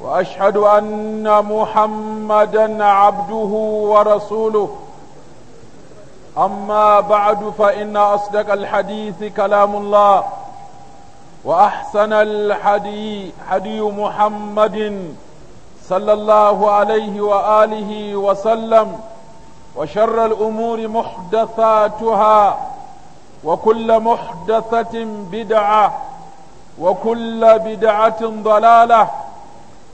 واشهد ان محمدا عبده ورسوله اما بعد فان اصدق الحديث كلام الله واحسن الحدي حدي محمد صلى الله عليه واله وسلم وشر الامور محدثاتها وكل محدثه بدعه وكل بدعه ضلاله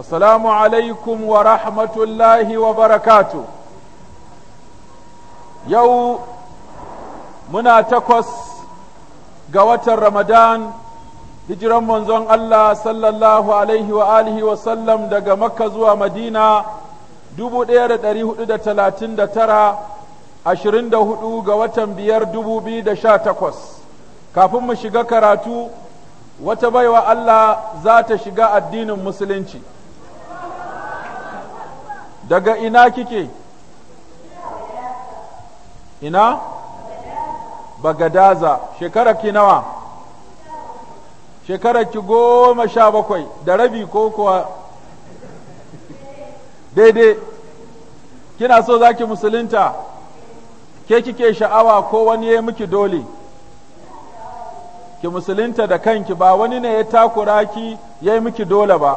السلام عليكم ورحمة الله وبركاته يو منا تقص watan رمضان hijiran manzon Allah sallallahu alaihi wa alihi wa sallam daga Makka zuwa Madina dubu ɗaya da ɗari hudu da talatin da tara ashirin da hudu ga watan biyar dubu biyu da sha takwas kafin mu shiga karatu wata baiwa Allah zata shiga addinin musulunci. daga ina kike ina bagadaza shekara ki nawa shekara ki goma sha bakwai da rabi ko kuwa daidai kina so za ki musulunta ke kike sha'awa ko wani ya miki dole ki musulunta da kanki ba wani ne ya takura ki ya yi miki dole ba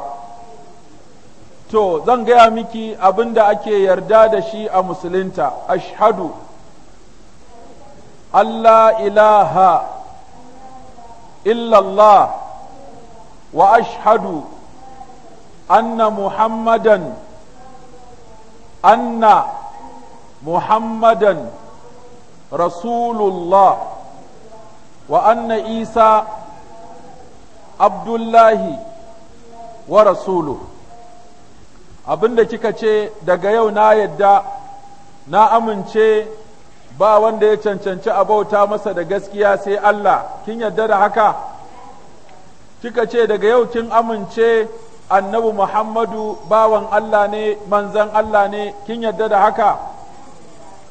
to zan gaya miki abin da ake yarda da shi a musulunta ashadu Allah ilaha illallah wa ashadu anna muhammadan anna muhammadan rasulullah wa anna isa abdullahi wa rasuluhu abinda kika ce daga yau na yadda na amince ba wanda ya cancanci a bauta masa da gaskiya sai Allah kin yadda da haka kika ce daga yau kin amince annabi Muhammadu bawan Allah ne manzan Allah ne kin yadda da haka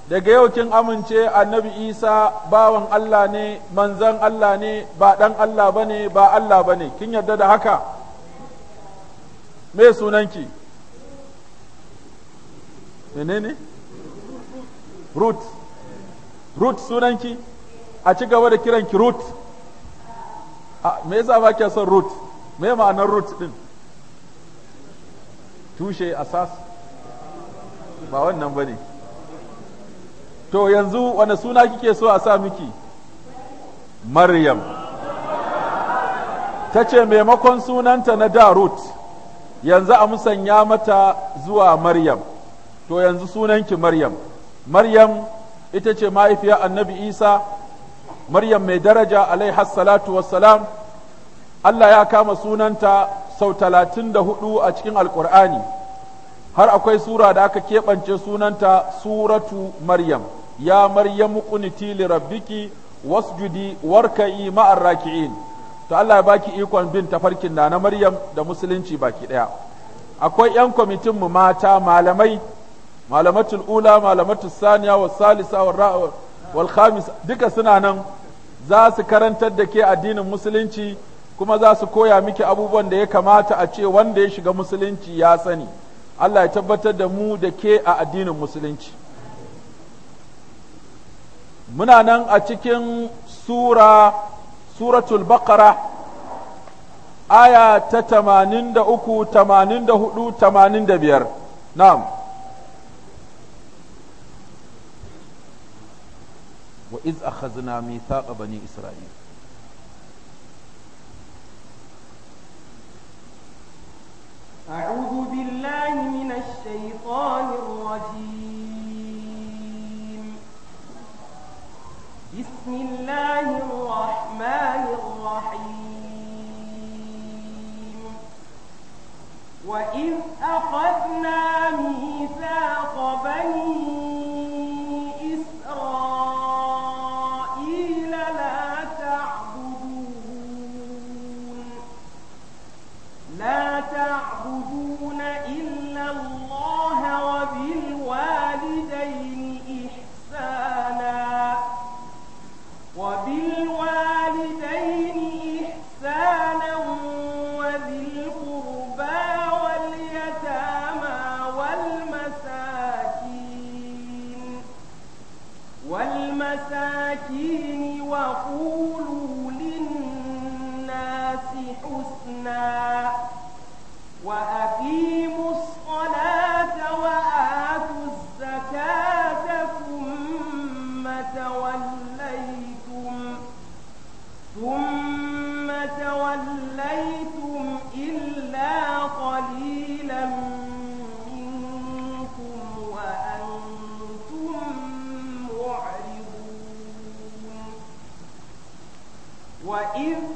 daga yau kin amince annabi Isa bawan Allah ne manzan Allah ne ba dan Allah bane ba Allah bane kin yadda da haka me sunanki menene root root sunanki a ci gaba da kiranki root me yasa ba kya son root me ma'anar root din tushe asas ba wannan bane to yanzu wani suna kike so a sa miki maryam ta ce maimakon sunanta na da root yanzu a musanya mata zuwa maryam to yanzu sunanki Maryam Maryam ita ce mahaifiyar Annabi Isa Maryam mai daraja alaiha salatu wassalam Allah ya kama sunanta sau talatin da hudu a cikin alkur'ani har akwai sura da aka keɓance sunanta suratu Maryam ya Maryamu kuniti li rabbiki wasjudi warka'i ma'ar raki'in to Allah ya baki ikon bin tafarkin na na Maryam da musulunci baki ɗaya akwai 'yan kwamitin mu mata malamai malamatul ula malamatul saniya wa salisa wa wal khamis duka suna nan za su karantar da ke addinin musulunci kuma za su koya miki abubuwan da ya kamata a ce wanda ya shiga musulunci ya sani Allah ya tabbatar da mu da ke a addinin musulunci muna nan a cikin sura suratul baqara aya ta 83 84 85 na'am وإذ أخذنا ميثاق بني إسرائيل أعوذ بالله من الشيطان الرجيم بسم الله الرحمن الرحيم وإذ أخذنا ميثاق بني What if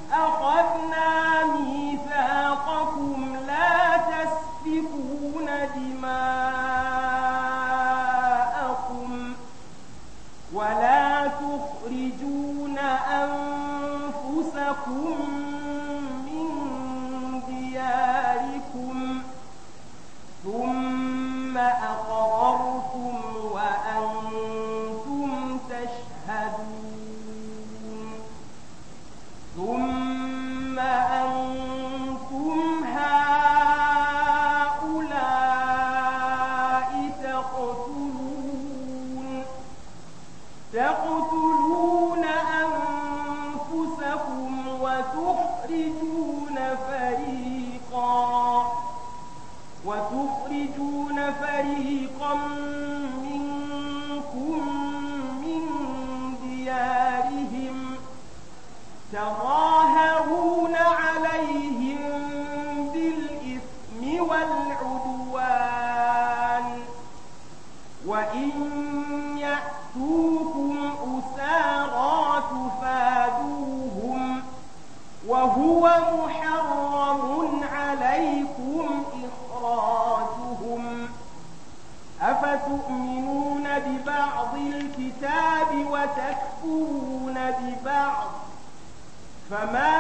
وما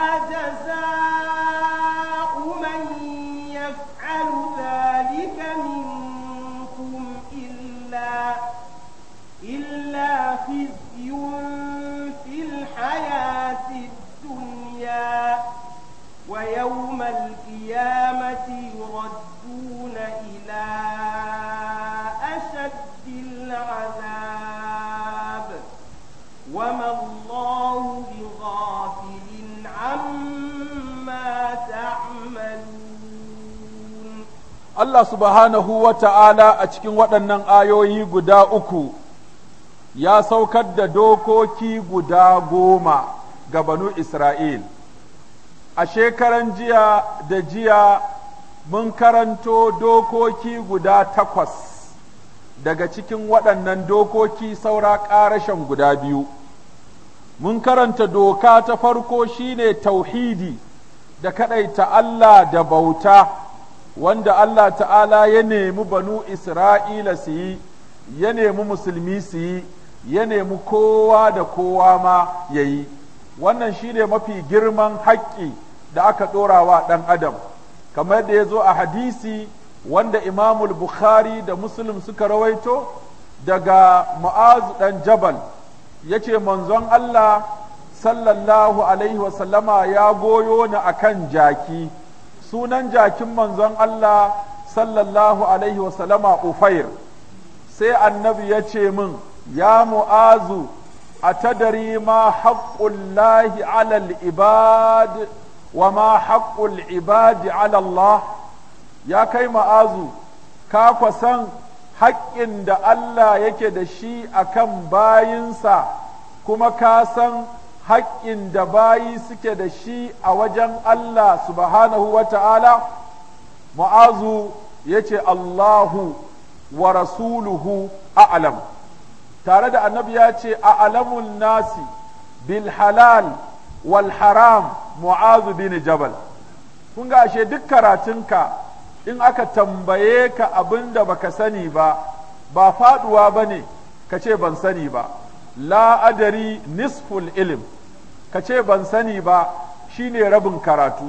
Allah subhanahu wa ta'ala a cikin waɗannan ayoyi guda uku ya saukar da dokoki guda goma ga banu Isra'il. A shekaran jiya da jiya mun karanto dokoki guda takwas daga cikin waɗannan dokoki saura ƙarashen guda biyu. Mun karanta doka ta farko shine tauhidi da kaɗaita Allah da bauta. wanda Allah ta'ala ya nemi banu Isra'ila su yi, ya nemi musulmi su yi, ya nemi kowa da kowa ma ya yi. Wannan shi ne mafi girman haƙƙi da aka ɗorawa ɗan Adam, kamar da ya zo a hadisi wanda Imamul Bukhari da Muslim suka rawaito daga Ma'azu ɗan Jabal, ya ce manzon Allah sallallahu Alaihi wasallama ya goyo ni akan jaki. sunan jakin manzon Allah sallallahu alaihi wasallama ufair sai annabi ya ce min ya mu'azu a tadari ma haƙƙullahi alal ibad wa ma haƙƙul ibadi alallah ya kai ma'azu ka kwasan haƙƙin da Allah yake da shi akan bayinsa kuma ka san haƙƙin da bayi suke da shi a wajen Allah subhanahu wa ta'ala, mu'azu ya ce Allahu wa rasuluhu a'lam Tare da annabi ya ce a'alamun nasi bil halal wal haram mu'azu bin jabal. Kun ashe duk karatunka in aka tambaye ka abin da baka sani ba, ba faɗuwa ba ne, ka ce ban sani ba. La adari nisful ilim. ka ce ban sani ba shine rabin karatu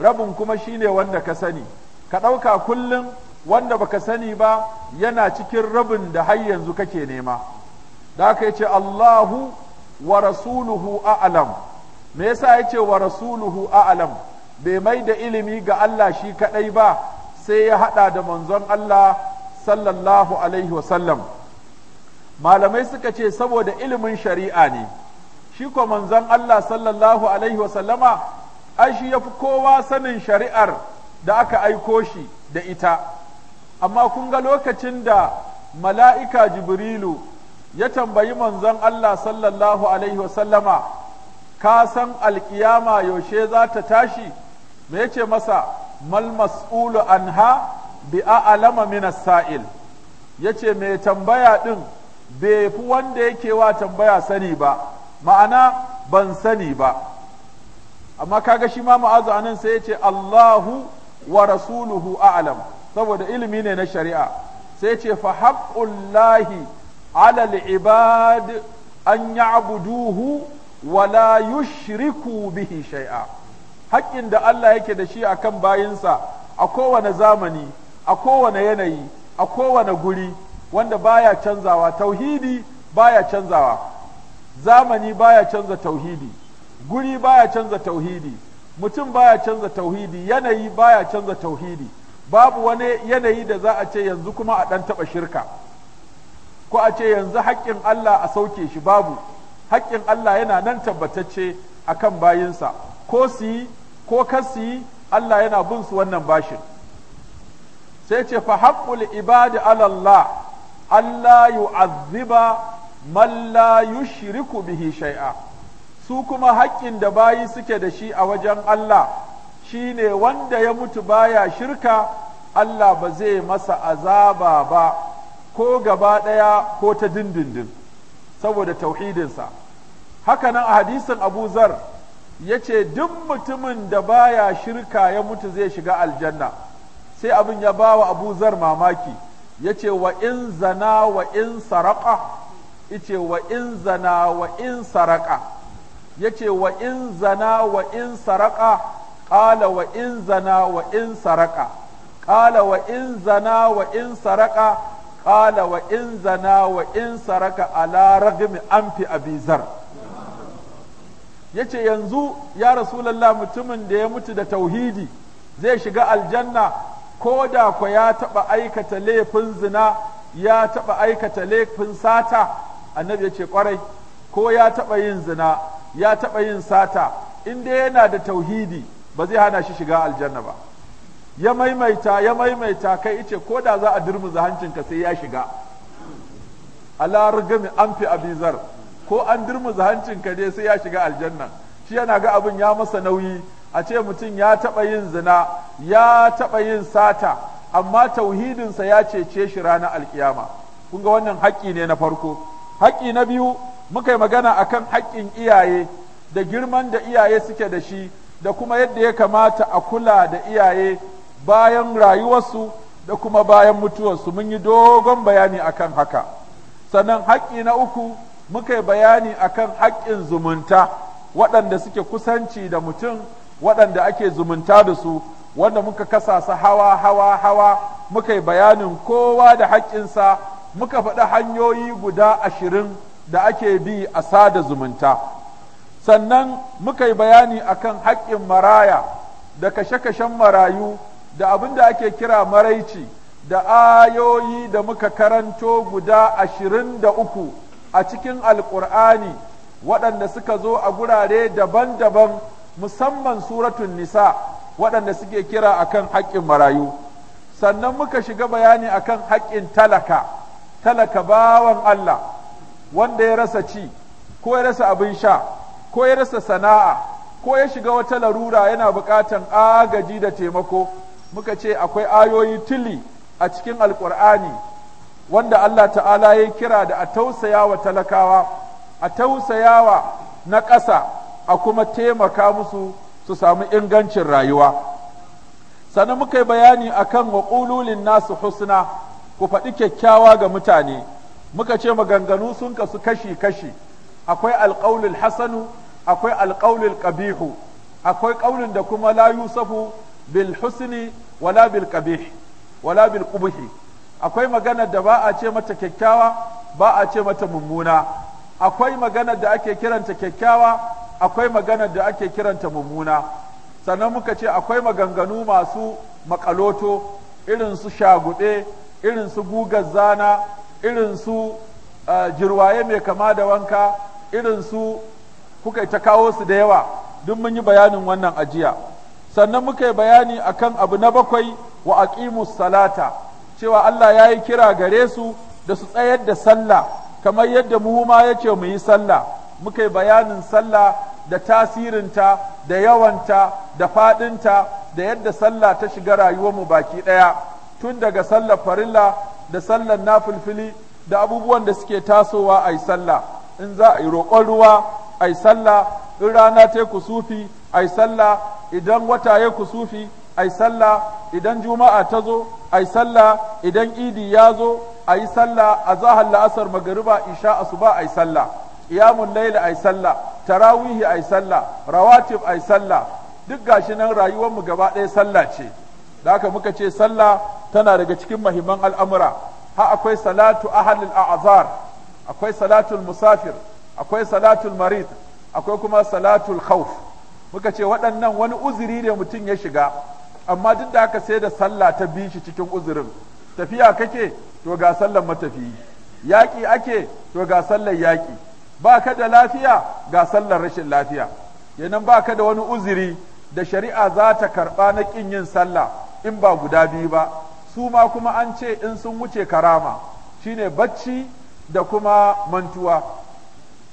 rabin kuma shine wanda ka sani ka ɗauka kullum wanda baka sani ba yana cikin rabin da har yanzu kake nema da aka ce Allahu wa rasuluhu a'lam me yasa ya ce wa rasuluhu a'lam bai mai da ilimi ga Allah shi kaɗai ba sai ya haɗa da manzon Allah sallallahu alaihi wasallam malamai suka ce saboda ilimin shari'a ne shi ko manzon Allah sallallahu alaihi wasallama ai shi yafi kowa sanin shari'ar da aka aiko shi da ita amma kun ga lokacin da mala'ika jibrilu ya tambayi manzon Allah sallallahu alaihi wasallama ka san alƙiyama yaushe za ta tashi me yace masa mal mas'ulu anha bi a'lama min as-sa'il yace mai tambaya din bai fi wanda yake wa tambaya sani ba ma'ana ban sani ba amma kaga shi ma ma'azu anan sai ya Allahu wa rasuluhu a'lam saboda ilimi ne na shari'a sai ya ce fa haqqullahi ala al-ibad an ya'buduhu wa la yushriku bihi shay'a haƙƙin da Allah yake da shi akan bayinsa a kowane zamani a kowane yanayi a kowane guri wanda baya canzawa tauhidi baya canzawa zamani baya canza tauhidi guri baya canza tauhidi mutum baya canza tauhidi yanayi baya canza tauhidi babu wani yanayi da za a ce yanzu kuma a ɗan taɓa shirka ko a ce yanzu haƙƙin Allah a sauke shi babu haƙƙin Allah yana nan tabbatacce a kan bayinsa ko si ko kasu Allah yana bin su wannan bashin sai ce fa haƙƙul ibadi alallah Allah yu'azziba mallayu shiriku yushriku bihi shay'a su kuma haƙƙin da bayi suke da shi a wajen Allah shi ne wanda ya mutu baya shirka Allah ba zai masa azaba ba ko gaba ɗaya ko ta dindindin saboda tauhidinsa hakanan a hadisin Abu Zar yace duk mutumin da baya shirka ya mutu zai shiga aljanna sai abin ya bawa Abu Zar mamaki yace wa in zana wa in saraka ice wa in zana wa in saraka yace wa in zana wa in saraka qala wa in zana wa in saraka qala wa in zana wa in saraka qala wa in zana wa in saraka ala ragmi anfi abizar yace yanzu ya rasulullah mutumin da ya mutu da tauhidi zai shiga aljanna ko da ko ya taɓa aikata laifin zina ya taɓa aikata laifin sata annabi ya ce kwarai ko ya taɓa yin zina ya taɓa yin sata in dai yana da tauhidi ba zai hana shi shiga aljanna ba ya maimaita ya maimaita kai ice ko da za a durmuza hancinka sai ya shiga ala rigami an fi abizar ko an durmuza hancinka dai sai ya shiga aljanna shi yana ga abin ya masa nauyi a ce mutum ya taɓa yin zina ya taɓa yin sata amma tauhidinsa ya cece shi ranar alkiyama kun ga wannan haƙƙi ne na farko haƙƙi na biyu muka yi magana a kan haƙƙin iyaye da girman da iyaye suke da shi da kuma yadda ya kamata a kula da iyaye bayan rayuwarsu da kuma bayan mutuwarsu mun yi dogon bayani a kan haka sannan haƙƙi na uku muka yi bayani a kan haƙƙin zumunta waɗanda suke kusanci da mutum waɗanda ake zumunta da su wanda muka kasa su hawa hawa hawa muka yi bayanin kowa da haƙƙinsa muka faɗi hanyoyi guda ashirin da ake bi a sada zumunta sannan muka yi bayani akan haƙƙin maraya da kashe-kashen marayu da abin da ake kira maraici da ayoyi da muka karanto guda ashirin da uku a cikin alƙur'ani waɗanda suka zo a gurare daban-daban musamman suratun nisa waɗanda suke kira akan haƙƙin marayu sannan muka shiga bayani akan haƙƙin talaka talaka bawan Allah wanda ya rasa ci ko ya rasa abin sha ko ya rasa sana'a ko ya shiga wata larura yana buƙatan agaji da taimako muka ce akwai ayoyi tili a cikin alƙur'ani wanda Allah ta'ala ya kira da a tausayawa talakawa a tausayawa na ƙasa a kuma taimaka musu su samu ingancin rayuwa sannan muka yi bayani akan wa nasu husna ku faɗi kyakkyawa ga mutane muka ce maganganu sun kasu kashi-kashi akwai alƙaulul hasanu akwai alƙaulul ƙabihu akwai ƙaunin da kuma la yusafu bil husni wala bil ƙabihi wala bil ƙubuhi akwai magana da ba a ce mata kyakkyawa ba a ce mata mummuna akwai magana da ake kiranta kyakkyawa akwai magana da ake kiranta mummuna sannan muka ce akwai maganganu masu makaloto irin su shagube irin su gugar zana irin su jirwaye mai kama da wanka irin su kuka ta kawo su da yawa duk mun yi bayanin wannan ajiya sannan muka yi bayani akan abu na bakwai wa aqimus salata cewa Allah ya yi kira gare su da su tsayar da sallah kamar yadda mu ma ya ce mu yi sallah muka yi bayanin sallah da tasirinta da yawanta da faɗinta da yadda sallah ta shiga mu baki ɗaya tun daga sallar farilla da sallar nafilfili da abubuwan da suke tasowa a yi sallah in za a yi roƙon ruwa a yi sallah in rana ta kusufi a yi sallah idan wata ya kusufi yi sallah idan juma'a ta zo a yi sallah idan idi ya zo a yi sallah A zahar la'asar magariba isha asuba yi sallah qiyamul layl yi sallah tarawihi yi sallah rawatib yi sallah duk gashi nan rayuwar mu gaba ɗaya sallah ce da haka muka ce sallah tana daga cikin mahimman al'amura ha akwai salatu ahalil a'azar akwai salatul musafir akwai salatul marid akwai kuma salatul khawf muka ce waɗannan wani uzuri ne mutum ya shiga amma duk da aka sai da sallah ta bi shi cikin uzurin tafiya kake to ga sallar matafiyi yaƙi ake to ga sallar yaƙi ba ka da lafiya ga sallar rashin lafiya yanan ba ka da wani uzuri da shari'a za ta karɓa na ƙin yin sallah in ba guda biyu ba su ma kuma an ce in sun wuce karama shine bacci da kuma mantuwa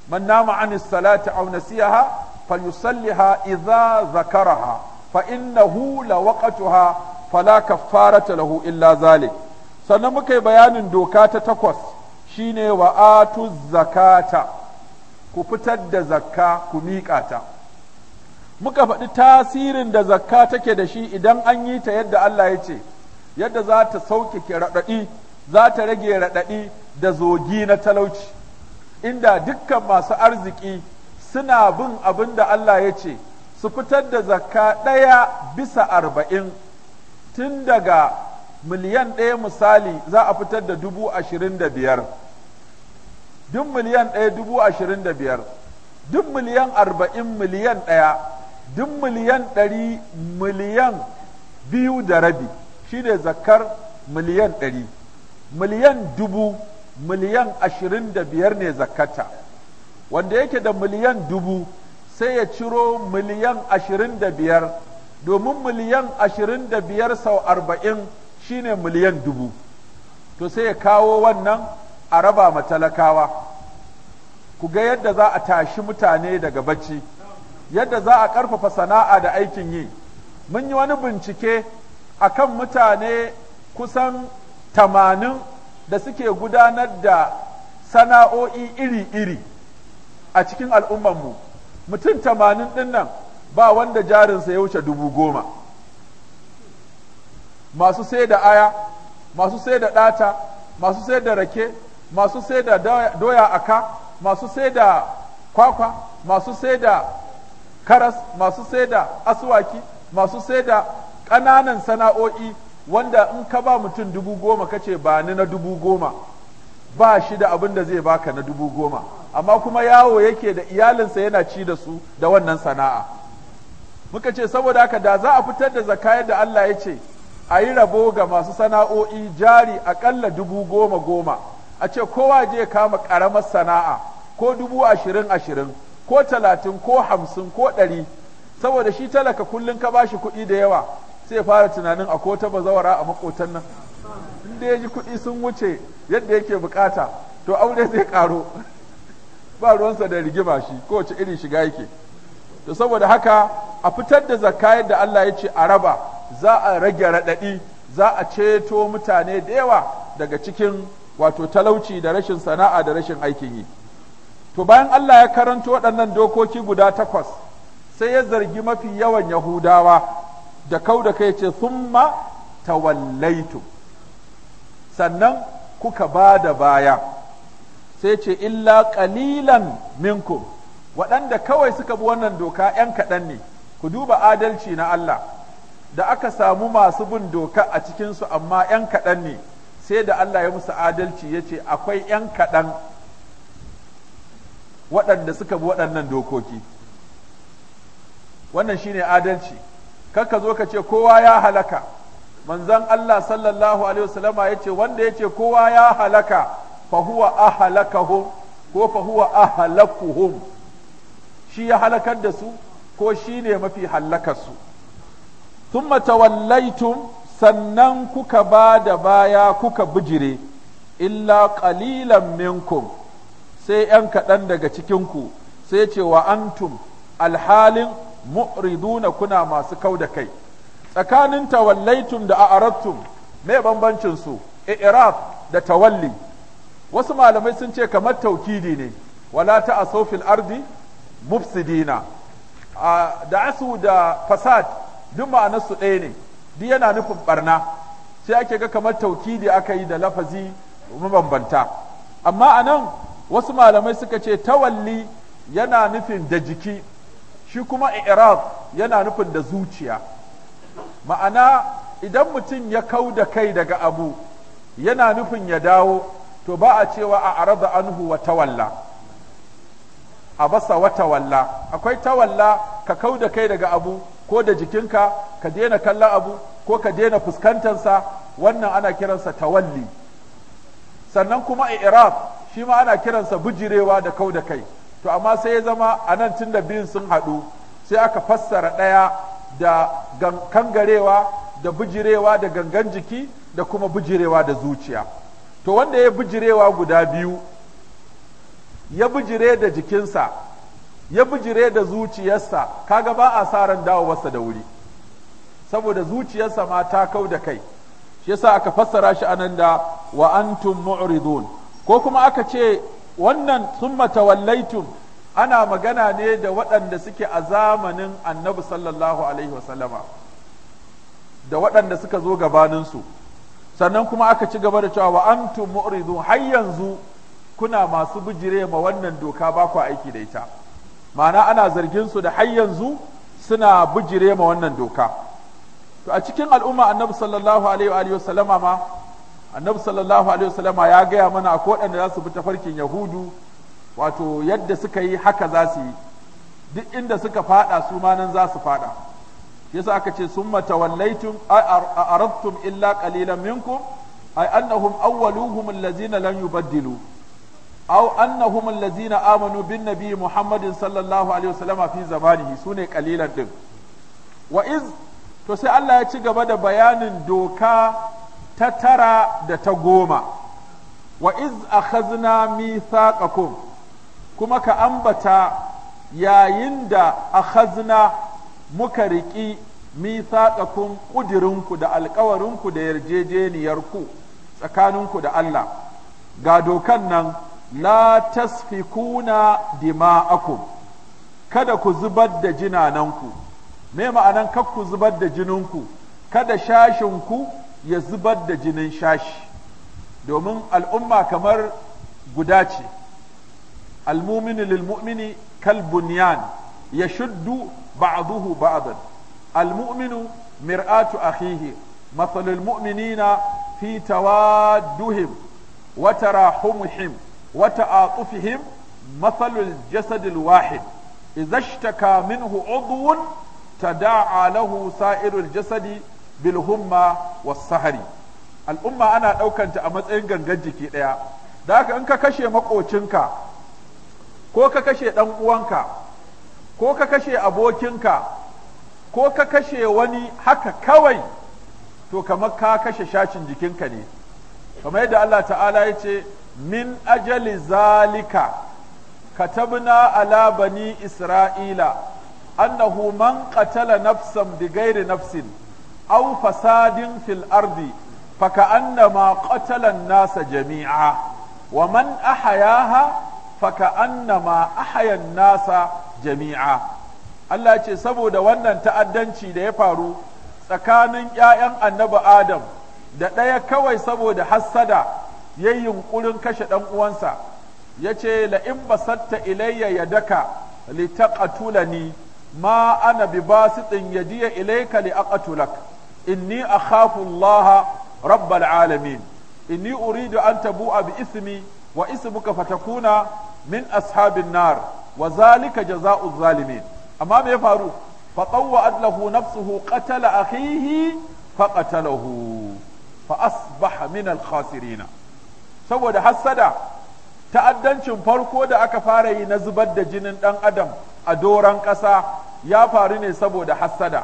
man nama an salati aw nasiyaha falyusalliha idza zakaraha fa innahu lawaqatuha fala kaffarata lahu illa zalik sannan muka yi bayanin doka ta takwas shine wa'atu zakata ku fitar da zakka ku miƙa ta muka faɗi tasirin da zakka take da shi idan an yi ta yadda Allah ya ce yadda za ta ke raɗaɗi za ta rage raɗaɗi da zogi na talauci inda dukkan masu arziki suna bin abin da Allah ya ce su fitar da zakka ɗaya bisa arba'in tun daga miliyan ɗaya misali za a fitar da dubu ashirin da biyar duk miliyan ɗaya dubu ashirin da biyar duk miliyan arba'in miliyan ɗaya duk miliyan ɗari miliyan biyu da rabi shi ne zakar miliyan ɗari miliyan dubu miliyan ashirin da biyar ne zakata wanda yake da miliyan dubu sai ya ciro miliyan ashirin da biyar domin miliyan ashirin da biyar sau arba'in shi ne miliyan dubu to sai ya kawo wannan a raba matalakawa ku ga yadda za a tashi mutane daga bacci yadda za a ƙarfafa sana'a da aikin yi mun yi wani bincike a kan mutane kusan tamanin da suke gudanar da sana'o'i iri-iri a cikin al'ummanmu mutum tamanin din nan ba wanda jarinsa ya wuce dubu goma masu sai da aya masu sai da ɗata masu sai da rake masu sai da doya aka masu sai da kwakwa masu sai da karas masu sai da asuwaki masu sai da ƙananan sana'o'i wanda in ka ba mutum dubu goma ka ce ba ni na dubu goma ba shi da abin da zai baka na dubu goma amma kuma yawo yake da iyalinsa yana ci da su da wannan sana'a muka ce saboda haka da za a fitar da zakayar da Allah ya ce a yi rabo ga masu sana'o'i jari aƙalla dubu goma goma a ce kowa je kama ƙaramar sana'a ko dubu ashirin ashirin ko talatin ko hamsin ko ɗari saboda shi talaka kullum ka bashi kuɗi da yawa sai fara tunanin a ko bazawara a makotan nan inda ya ji kuɗi sun wuce yadda yake bukata to aure zai karo ba ruwansa da rigima shi kowace irin shiga yake to saboda haka a fitar da zakka yadda Allah ya ce a raba za a rage raɗaɗi za a ceto mutane da yawa daga cikin wato talauci da rashin sana'a da rashin aikin yi to bayan Allah ya karanto waɗannan dokoki guda takwas sai ya zargi mafi yawan yahudawa da kau da kai ce summa tawallaitu sannan kuka ba da baya sai ce illa ƙalilan minku, waɗanda kawai suka bi wannan doka ‘yan kaɗan ne ku duba adalci na Allah da aka samu masu bin doka a cikinsu amma ‘yan kaɗan ne sai da Allah ya musu adalci ya ce akwai ‘yan kaɗan waɗanda suka bi waɗannan dokoki wannan shine adalci kar ka zo ka ce kowa ya halaka manzon Allah sallallahu alaihi wasallama ce wanda ya ce kowa ya halaka fa huwa ahlakahum ko fa huwa ahlakuhum shi ya halakar da su ko shi ne mafi halakar su thumma tun sannan kuka ba da baya kuka bijire illa qalilan minkum sai ‘yan kaɗan daga cikinku sai ce wa antum alhalin mu'riduna kuna masu kau da kai tsakanin tawallaitum da a'arattum mai bambancin su i'raf da tawalli wasu malamai sun ce kamar taukidi ne wala ta asofil ardi mufsidina da asu da fasad duk ma'anarsu ɗaya ne duk yana nufin barna sai ake ga kamar taukidi aka yi da lafazi mabambanta amma a nan wasu malamai suka ce tawalli yana nufin da jiki shi kuma i'rab yana nufin da zuciya ma'ana idan mutum ya kau da kai daga abu yana nufin ya dawo to ba a cewa a araba anhu wa tawalla a basa wa tawalla akwai tawalla ka kau da kai daga abu ko da jikinka ka daina kallon abu ko ka daina fuskantarsa wannan ana kiransa tawalli sannan kuma i'rab shi ma ana kiransa bujirewa da kau da kai to amma sai ya zama a nan tun da biyun sun haɗu sai aka fassara ɗaya da kangarewa da bujirewa da gangan jiki da kuma bujirewa da zuciya to wanda ya bujirewa guda biyu ya bujire da jikinsa ya bujire da zuciyarsa kaga ba a sa ran dawowarsa da wuri saboda zuciyarsa ma ta kau da kai shi yasa aka fassara shi anan da wa antum mu'ridun ko kuma aka ce wannan summa ana magana ne da waɗanda suke a zamanin annabi sallallahu alaihi wasallama da waɗanda suka zo gabaninsu sannan kuma aka ci gaba da cewa wa antum mu'ridun har yanzu kuna masu bijire ma wannan doka ba ku aiki da ita ma'ana ana zargin su da har yanzu suna bijire ma wannan doka to a cikin al'umma annabi sallallahu alaihi wa ma annabi sallallahu alaihi wasallama ya gaya mana a koɗanda za su bi tafarkin yahudu wato yadda suka yi haka za su yi duk inda suka fada su ma nan za su fada yasa aka ce summa tawallaitum aradtum illa qalilan minkum ay annahum awwaluhum allazina lan yubaddilu aw annahum allazina amanu bin nabi muhammadin sallallahu alaihi wasallama fi zamanihi sune qalilan din wa iz to sai Allah ya ci gaba da bayanin doka ta tara da ta goma wa iz akhazna mithaqakum kuma ka ambata yayin da akhazna muka riƙi mithaqakum ƙudirinku da alƙawarinku da yarjejeniyarku tsakaninku da Allah ga dokan nan la tasfikuna dima'akum kada ku zubar da jinananku me ma'anan kar ku zubar da jininku kada shashinku ya zubar da jinin shashi domin al'umma kamar guda ce almumini lilmumini kalbunyan ya shuddu ba'duhu ba'dan almuminu mir'atu akhihi mathalul mu'minina fi tawadduhim wa tarahumihim wa ta'atufihim mathalul jasadil wahid idza ishtaka minhu udwun da'a lahu sa'irul jasadi Bilhumma wa was sahari al'umma ana ɗaukanta a matsayin gangan jiki ɗaya da haka in ka kashe maƙocinka ko ka kashe ɗan uwanka ko ka kashe abokinka ko ka kashe wani haka kawai to kamar ka kashe shashin jikinka ne kamar yadda Allah ta'ala ya ce min ajali zalika katabna ala bani isra'ila annahu man qatala nafsan bighairi nafsin aw fasadin fil ardi فكأنما قتل الناس جميعا ومن أحياها فكأنما أحيا الناس جميعا Allah ce saboda wannan ta'addanci da ya faru tsakanin ‘ya'yan annabi Adam da ɗaya kawai saboda hassada ya yi yunƙurin kashe ɗan uwansa ya ce la'in basatta ilayya ya daka li ma ana bi basitin yadiya ilayka li aqatulak inni akhafu Allah rabbal alamin inni uridu an tabu'a bi ismi wa ismuka fatakuna min ashabin nar wa zalika jazaa'u zalimin amma me ya faru fa tawwa'at lahu nafsuhu qatala akhihi fa qatalahu fa asbaha min al khasirin saboda hassada ta'addancin farko da aka fara yi na zubar da jinin ɗan adam a doron ƙasa ya faru ne saboda hassada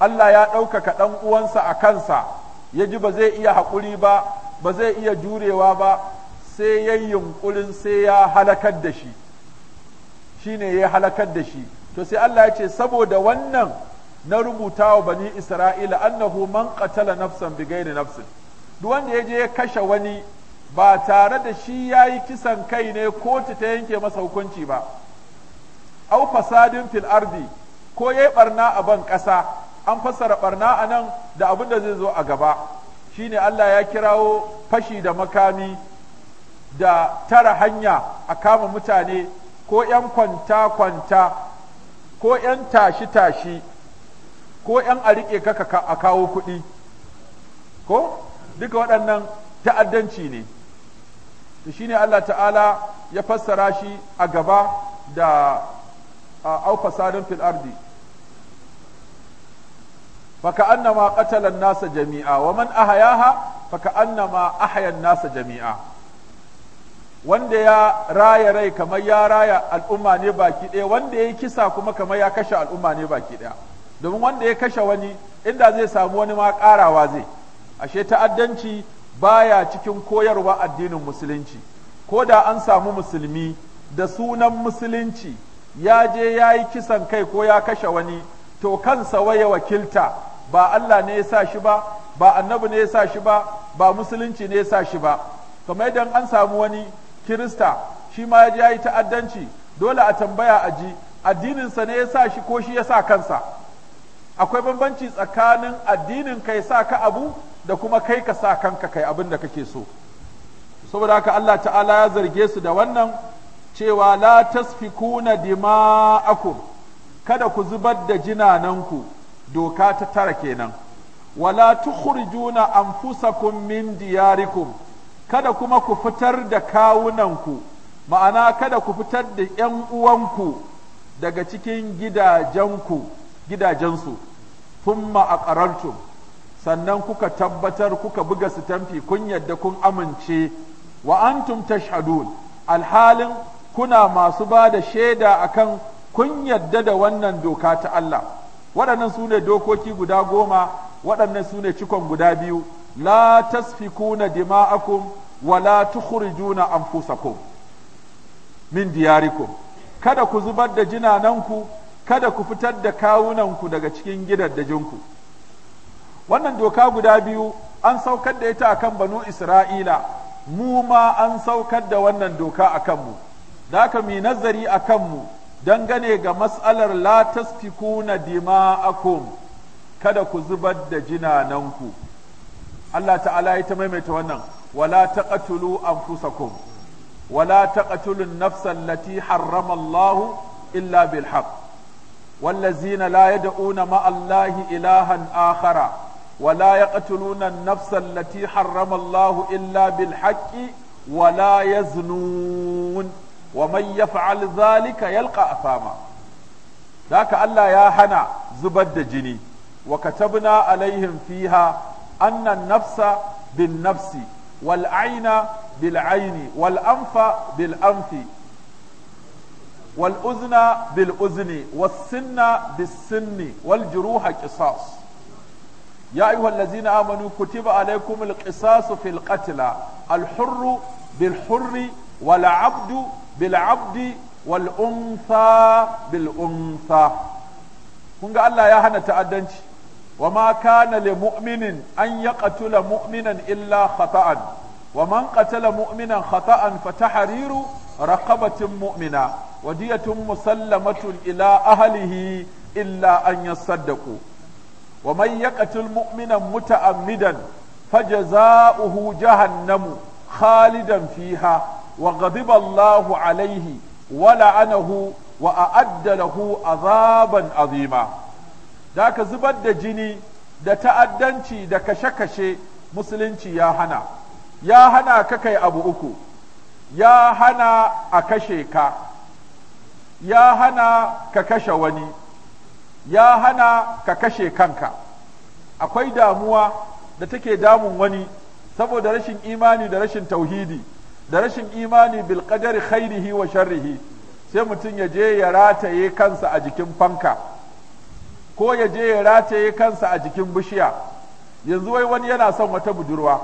Allah ya ɗaukaka ɗan uwansa a kansa ya ji ba zai iya haƙuri ba ba zai iya jurewa ba sai ya yi yunƙurin sai ya halakar da shi shi ne ya halakar da shi to sai Allah ya ce saboda wannan na rubuta wa bani isra'ila annahu man qatala nafsan bi nafsin duk wanda ya je ya kashe wani ba tare da shi ya yi kisan kai ne kotu ta yanke masa hukunci ba au fasadin fil ardi ko ya barna a ban ƙasa an fassara barna a nan da abin da zai zo a gaba shine Allah ya kirawo fashi da makami da tara hanya a kama mutane ko 'yan kwanta-kwanta ko 'yan tashi-tashi ko 'yan a riƙe kaka a kawo kuɗi ko duka waɗannan ta'addanci ne shi ne Allah ta'ala ya fassara shi a gaba da auka fasadin fil ardi فكأنما قتل الناس جميعا ومن أحياها فكأنما أحيا الناس جميعا wanda ya raya rai kamar ya raya al'umma ne baki ɗaya wanda ya kisa kuma kamar ya kashe al'umma ne baki ɗaya domin wanda ya kashe wani inda zai samu wani ma ƙarawa zai ashe ta'addanci baya cikin koyarwa addinin musulunci ko da an samu musulmi da sunan musulunci ya je ya yi kisan kai ko ya kashe wani to kansa waya wakilta ba Allah ne ya sa shi ba ba annabi ne ya sa shi ba ba musulunci ne ya sa shi ba kamar idan an samu wani kirista shi ma ya yi ta'addanci dole a tambaya a ji addininsa ne ya sa shi ko shi ya sa kansa akwai bambanci tsakanin addinin kai sa ka abu da kuma kai ka sa kanka kai abin da kake so saboda haka Allah ta'ala ya zarge su da wannan cewa la tasfikuna dima'akum kada ku zubar da jinananku doka ta tara kenan wala tukhrijuna anfusakum min diyarikum kada kuma ku fitar da kawunanku ma'ana kada ku fitar da ‘yan uwanku daga cikin gidajenku gidajensu thumma aqarartum sannan kuka tabbatar kuka buga su tamfi kun yadda kun amince wa antum tashhadun alhalin kuna masu ba da shaida akan kun yadda da wannan doka ta Allah waɗannan su ne dokoki guda goma waɗannan su ne cikon guda biyu la tasfikuna dima'akum wa la tukhrijuna anfusakum min diyarikum kada ku zubar da jinananku kada ku fitar da kawunanku daga cikin gidan gidaddajinku wannan doka guda biyu an saukar da ita akan banu isra'ila mu ma an saukar da wannan doka akan mu da aka mu nazari akan mu dangane ga mas'alar la tasfikuna dima'akum kada ku zubar da jinananku Allah ta'ala ya ta maimaita wannan wala taqtulu anfusakum wala taqtulun nafsan lati haramallahu Allah illa bil haqq la لا يدعون مع الله إلها آخر ولا يقتلون النفس التي حرم illa إلا بالحق ولا يزنون wa man yaf'al zalika yalqa asama daka Allah ya hana zubar da jini wa katabna alaihim fiha anna an-nafsa bin nafsi wal aina bil aini wal anfa bil anfi wal uzna bil uzni was sinna bis sinni wal juruha qisas يا أيها الذين آمنوا كتب عليكم القصاص في القتلى الحر بالحر wal abdu bil abdi wal unsa bil Allah ya hana ta'addanci wa ma kana li mu'minin an yaqtula mu'minan illa khata'an wa man qatala mu'minan khata'an hariru raqabatin mu'mina wa diyatun musallamatun ila ahlihi illa an yasaddaqu wa man yaqtul mu'mina muta'ammidan fajaza'uhu jahannamu khalidan fiha Wa وغضب alaihi عليه ولعنه وأعد له عذابا عظيما ذاك زبد جني da ta'addanci da kashe-kashe musulunci ya hana ya hana kakai abu uku ya hana a kashe ka ya hana ka kashe wani ya hana ka kashe kanka akwai damuwa da take damun wani saboda rashin imani da rashin tauhidi da rashin imani bil qadari khairihi wa sharrihi sai mutum ya je ya rataye kansa a jikin fanka ko ya je ya rataye kansa a jikin bishiya yanzu wai wani yana son wata budurwa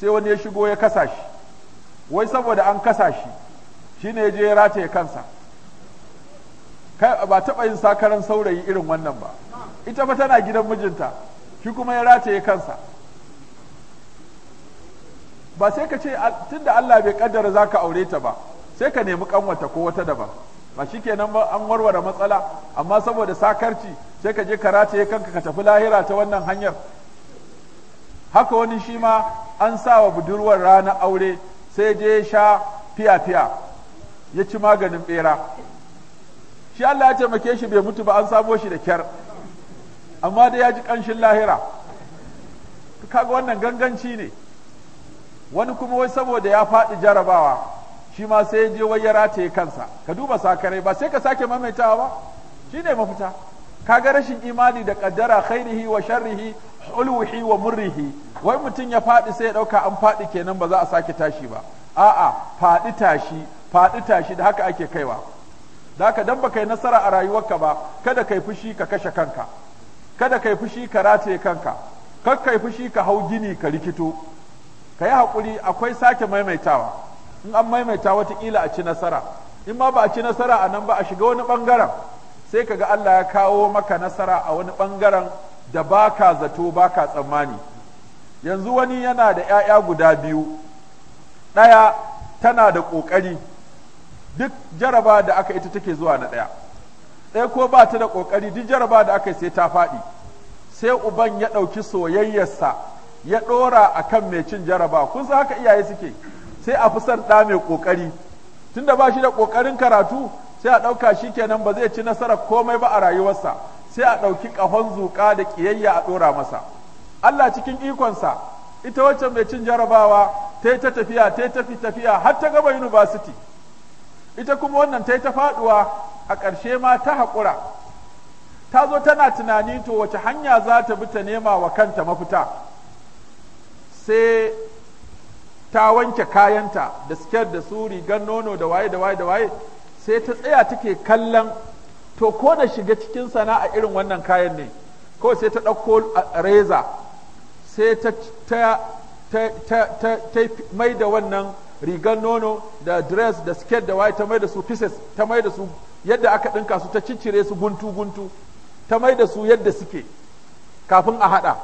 sai wani ya shigo ya kasa shi wai saboda an kasa shi shine ya je ya rataye kansa kai ba taɓa yin sakaran saurayi irin wannan ba ita fa tana gidan mijinta shi kuma ya rataye kansa ba sai ka ce tunda Allah bai kaddara ka aure ta ba sai ka nemi kanwata ko wata daban ba shikenan ba an warware matsala amma saboda sakarci sai ka je karata ya kanka ka tafi lahira ta wannan hanyar haka wani shi ma an sa wa budurwar rana aure sai je sha fiya fiya ya ci maganin bera shi Allah ya taimake shi bai mutu ba an samo shi da kyar amma dai ya ji kanshin lahira kaga wannan ganganci ne wani kuma wai saboda ya faɗi jarabawa shi ma sai ya je wai ya rataye kansa ka duba sakarai ba sai ka sake maimaitawa ba ne mafita kaga rashin imani da kaddara khairihi wa sharrihi ulwihi wa murrihi wai mutum ya faɗi sai ya ɗauka an faɗi kenan ba za a sake tashi ba a'a faɗi tashi faɗi tashi da haka ake kaiwa da haka dan baka yi nasara a rayuwarka ba kada kai fushi ka kashe kanka kada kai fushi ka rataye kanka kar kai fushi ka hau gini ka likito. ka yi haƙuri akwai sake maimaitawa in an maimaita watakila a ci nasara in ma ba a ci nasara a nan ba a shiga wani ɓangaren sai ka ga Allah ya kawo maka nasara a wani ɓangaren da ba ka zato ba ka tsammani yanzu wani yana da 'ya'ya guda biyu ɗaya tana da ƙoƙari duk jaraba da aka ita take zuwa na ɗaya ɗaya ko ba ta da ƙoƙari duk jaraba da aka sai ta faɗi sai uban ya ɗauki soyayyarsa ya ɗora a kan mai cin jaraba kun san haka iyaye suke sai a fi son ɗa mai ƙoƙari Tun da ba shi da ƙoƙarin karatu sai a ɗauka shi kenan ba zai ci nasarar komai ba a rayuwarsa sai a ɗauki ƙahon zuƙa da ƙiyayya a ɗora masa Allah cikin ikonsa ita wacce mai cin jarabawa ta ta tafiya ta yi fi tafiya har ta gaba university ita kuma wannan ta ta faɗuwa a ƙarshe ma ta haƙura ta zo tana tunani to wace hanya za ta bi ta nema wa kanta mafita sai ta wanke kayanta da siket da su rigar nono da waye da waye da waye sai ta tsaya take kallon to ko na shiga cikin sana'a irin wannan kayan ne ko sai ta ɗauko reza sai ta ta mai da wannan rigar nono da dress da skirt da waye ta mai da su pieces ta mai da su yadda aka ɗinka su ta ciccire su guntu guntu ta mai da su yadda suke kafin a haɗa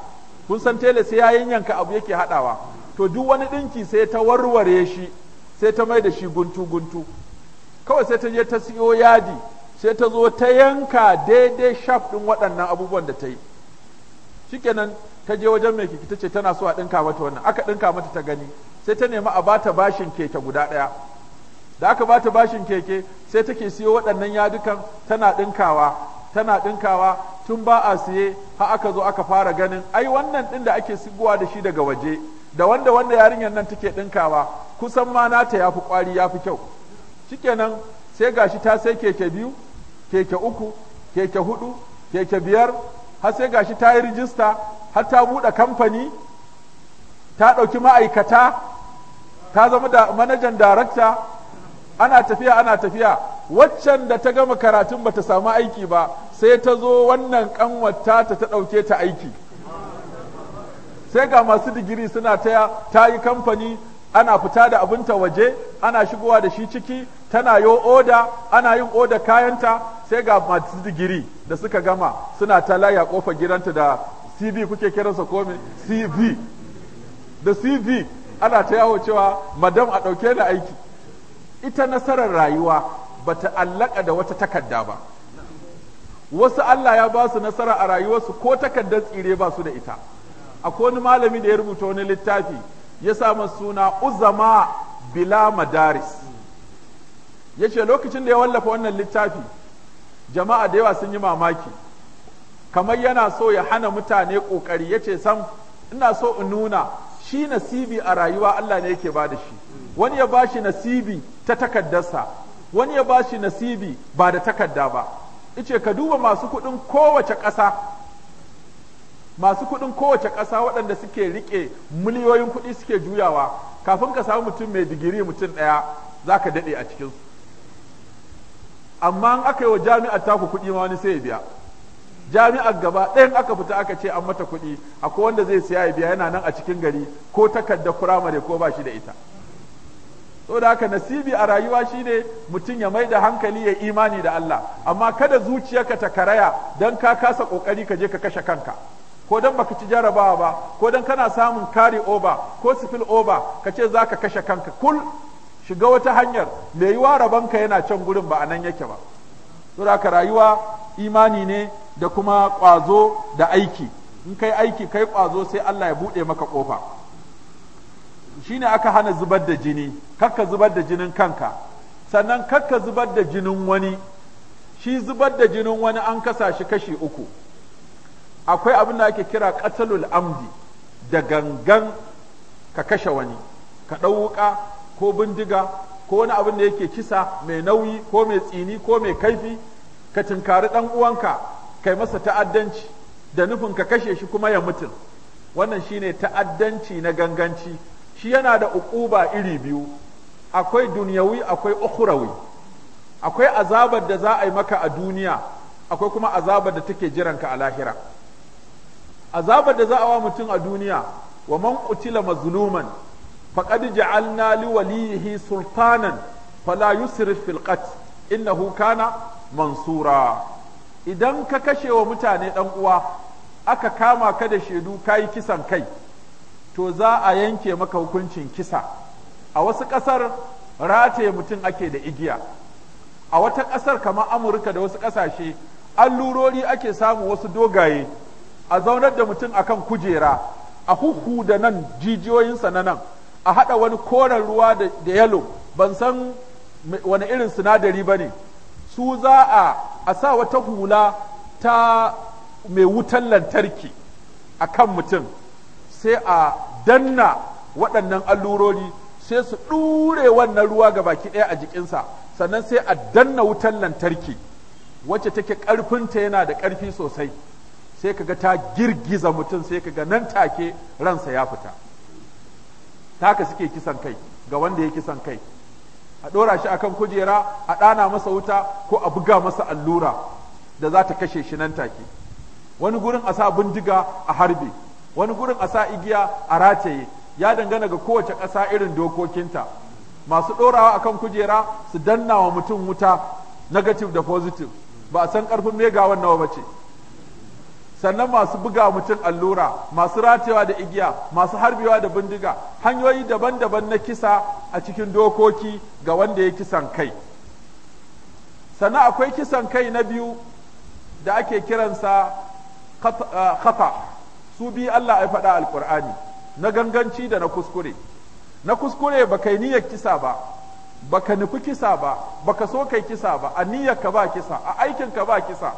kun san tele sai ya yanka abu yake haɗawa to duk wani ɗinki sai ta warware shi sai ta mai da shi guntu guntu kawai sai ta je ta siyo yadi sai ta zo ta yanka daidai shaf din waɗannan abubuwan da ta yi shikenan ta je wajen mai kiki ta ce tana so a ɗinka mata wannan aka ɗinka mata ta gani sai ta nemi a bata bashin keke guda ɗaya da aka bata bashin keke sai take siyo waɗannan yadukan tana ɗinkawa tana ɗinkawa tun ba a siye har aka zo aka fara ganin ai wannan din da ake sigowa da shi daga waje da wanda wanda yarinyar nan take dinkawa kusan ma nata yafi kwari yafi kyau shikenan sai gashi ta sai keke biyu keke uku keke hudu keke biyar har sai gashi ta yi rijista har ta buɗe kamfani ta ɗauki ma'aikata ta zama da manajan darakta ana tafiya ana tafiya waccan da ta gama karatun bata samu aiki ba sai ta zo wannan kanwata ta ta ɗauke ta aiki sai ga masu digiri suna taya ta yi kamfani ana fita da abinta waje ana shigowa da shi ciki tana yo oda ana yin oda kayanta sai ga masu digiri da suka gama suna ta laya kofar gidanta da cv kuke kiransa komi cv da cv ana ta yawo cewa madam a ɗauke da aiki ita nasarar rayuwa bata allaka da wata takarda ba wasu Allah ya ba su nasara a rayuwarsu ko takardar tsire ba su da ita akwai wani malami da ya rubuta wani littafi ya samu suna uzama bila madaris ya ce lokacin da ya wallafa wannan littafi jama'a da yawa sun yi mamaki kamar yana so ya hana mutane ƙoƙari ya ce sam ina so in nuna shi nasibi a rayuwa Allah ne yake ba da shi wani ya ba shi nasibi ta takaddarsa wani ya ba shi nasibi ba da takadda ba ce ka duba masu kuɗin kowace ƙasa masu kuɗin kowace ƙasa waɗanda suke riƙe miliyoyin kuɗi suke juyawa kafin ka samu mutum mai digiri mutum ɗaya za ka daɗe a cikinsu amma in aka yi wa jami'ar taku kuɗi ma wani sai ya biya jami'ar gaba ɗayan aka fita aka ce an mata kuɗi akwai wanda zai siya ya biya yana nan a cikin gari ko takardar firamare ko ba shi da ita saboda haka nasibi a rayuwa shine mutum ya mai da hankali ya imani da Allah amma kada zuciyarka ta karaya don ka kasa kokari ka je ka kashe kanka ko don baka ci jarabawa ba ko don kana samun kari over ko spill over ka ce za ka kashe kanka kul shiga wata hanyar mai yiwa rabanka yana can gurin ba a nan yake ba saboda haka rayuwa imani ne da kuma kwazo da aiki in kai aiki kai kwazo sai Allah ya bude maka kofa shine aka hana zubar da jini kakka zubar da jinin kanka sannan kakka zubar da jinin wani shi zubar da jinin wani an kasa shi kashi uku akwai abin da ake kira katalul amdi da gangan ka kashe wani ka ɗau wuƙa, ko bindiga ko wani abin da yake kisa mai nauyi ko mai tsini ko mai kaifi ka tunkari ɗan uwanka kai masa ta'addanci da nufin ka kashe shi kuma ya mutum wannan shine ta'addanci na ganganci shi yana da uquba iri biyu akwai dunyawi akwai ukhrawi akwai azabar da za a yi maka a duniya akwai kuma azabar da take jiranka a lahira azabar da za a wa mutum a duniya wa man qutila mazluman faqad ja'alna li sultanan fala yusrif fil qatl innahu kana mansura idan ka kashe wa mutane dan uwa aka kama ka da shaidu yi kisan kai to za a yanke maka hukuncin kisa a wasu ƙasar rataye mutum ake da igiya a wata ƙasar kamar amurka da wasu ƙasashe allurori ake samu wasu dogaye a zaunar da mutum akan kujera a huhu da nan jijiyoyinsa na nan a haɗa wani koren ruwa da yalo ban san wani irin sinadari ba ne su za a a sa wata hula ta mai wutan lantarki a kan mutum sai a danna waɗannan allurori sai su ɗure wannan ruwa ga baki ɗaya a jikinsa sannan sai a danna wutar lantarki wacce take ƙarfinta yana da ƙarfi sosai sai kaga ta girgiza mutum sai kaga nan take ransa ya fita taka suke kisan kai ga wanda ya kisan kai a ɗora shi akan kujera a ɗana masa wuta ko a buga masa allura da za ta kashe shi nan take wani gurin a sa bindiga a harbe wani gurin a sa igiya a rataye ya dangana ga kowace ƙasa irin dokokinta masu ɗorawa akan kujera su danna wa mutum wuta negative da positive ba a san ƙarfin megawan nawa ba ce sannan masu buga mutum allura masu ratewa da igiya masu harbewa da bindiga hanyoyi daban-daban na kisa a cikin dokoki ga wanda ya kisan kai sannan akwai kisan kai na biyu da ake kiransa eh, khata su bi Allah ai faɗa alkur'ani na ganganci da na kuskure na kuskure baka yi niyyar kisa ba baka nufi kisa ba baka so kai kisa ba a niyyar ka ba kisa a aikin ka ba kisa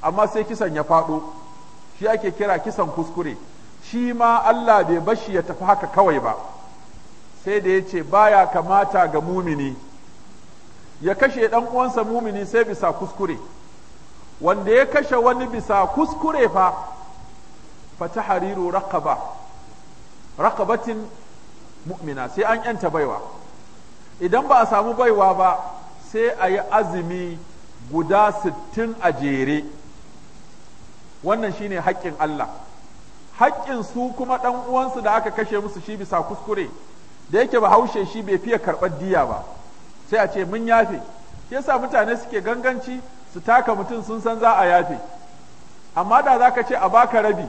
amma sai kisan ya faɗo shi ake kira kisan kuskure shi ma Allah bai bashi ya tafi haka kawai ba sai da yace baya kamata ga mumini ya kashe ɗan uwansa mumini sai bisa kuskure wanda ya kashe wani bisa kuskure fa fatahariru raqaba raqabatin mu'mina sai an yanta baiwa idan ba a samu baiwa ba sai a yi azumi guda sittin a jere wannan shine haƙƙin Allah haƙƙin su kuma ɗan uwansu da aka kashe musu shi bisa kuskure da yake ba haushe shi bai fiye karɓar diya ba sai a ce mun yafe yasa mutane suke ganganci su taka mutum sun san za a yafe amma da za ka ce a baka rabi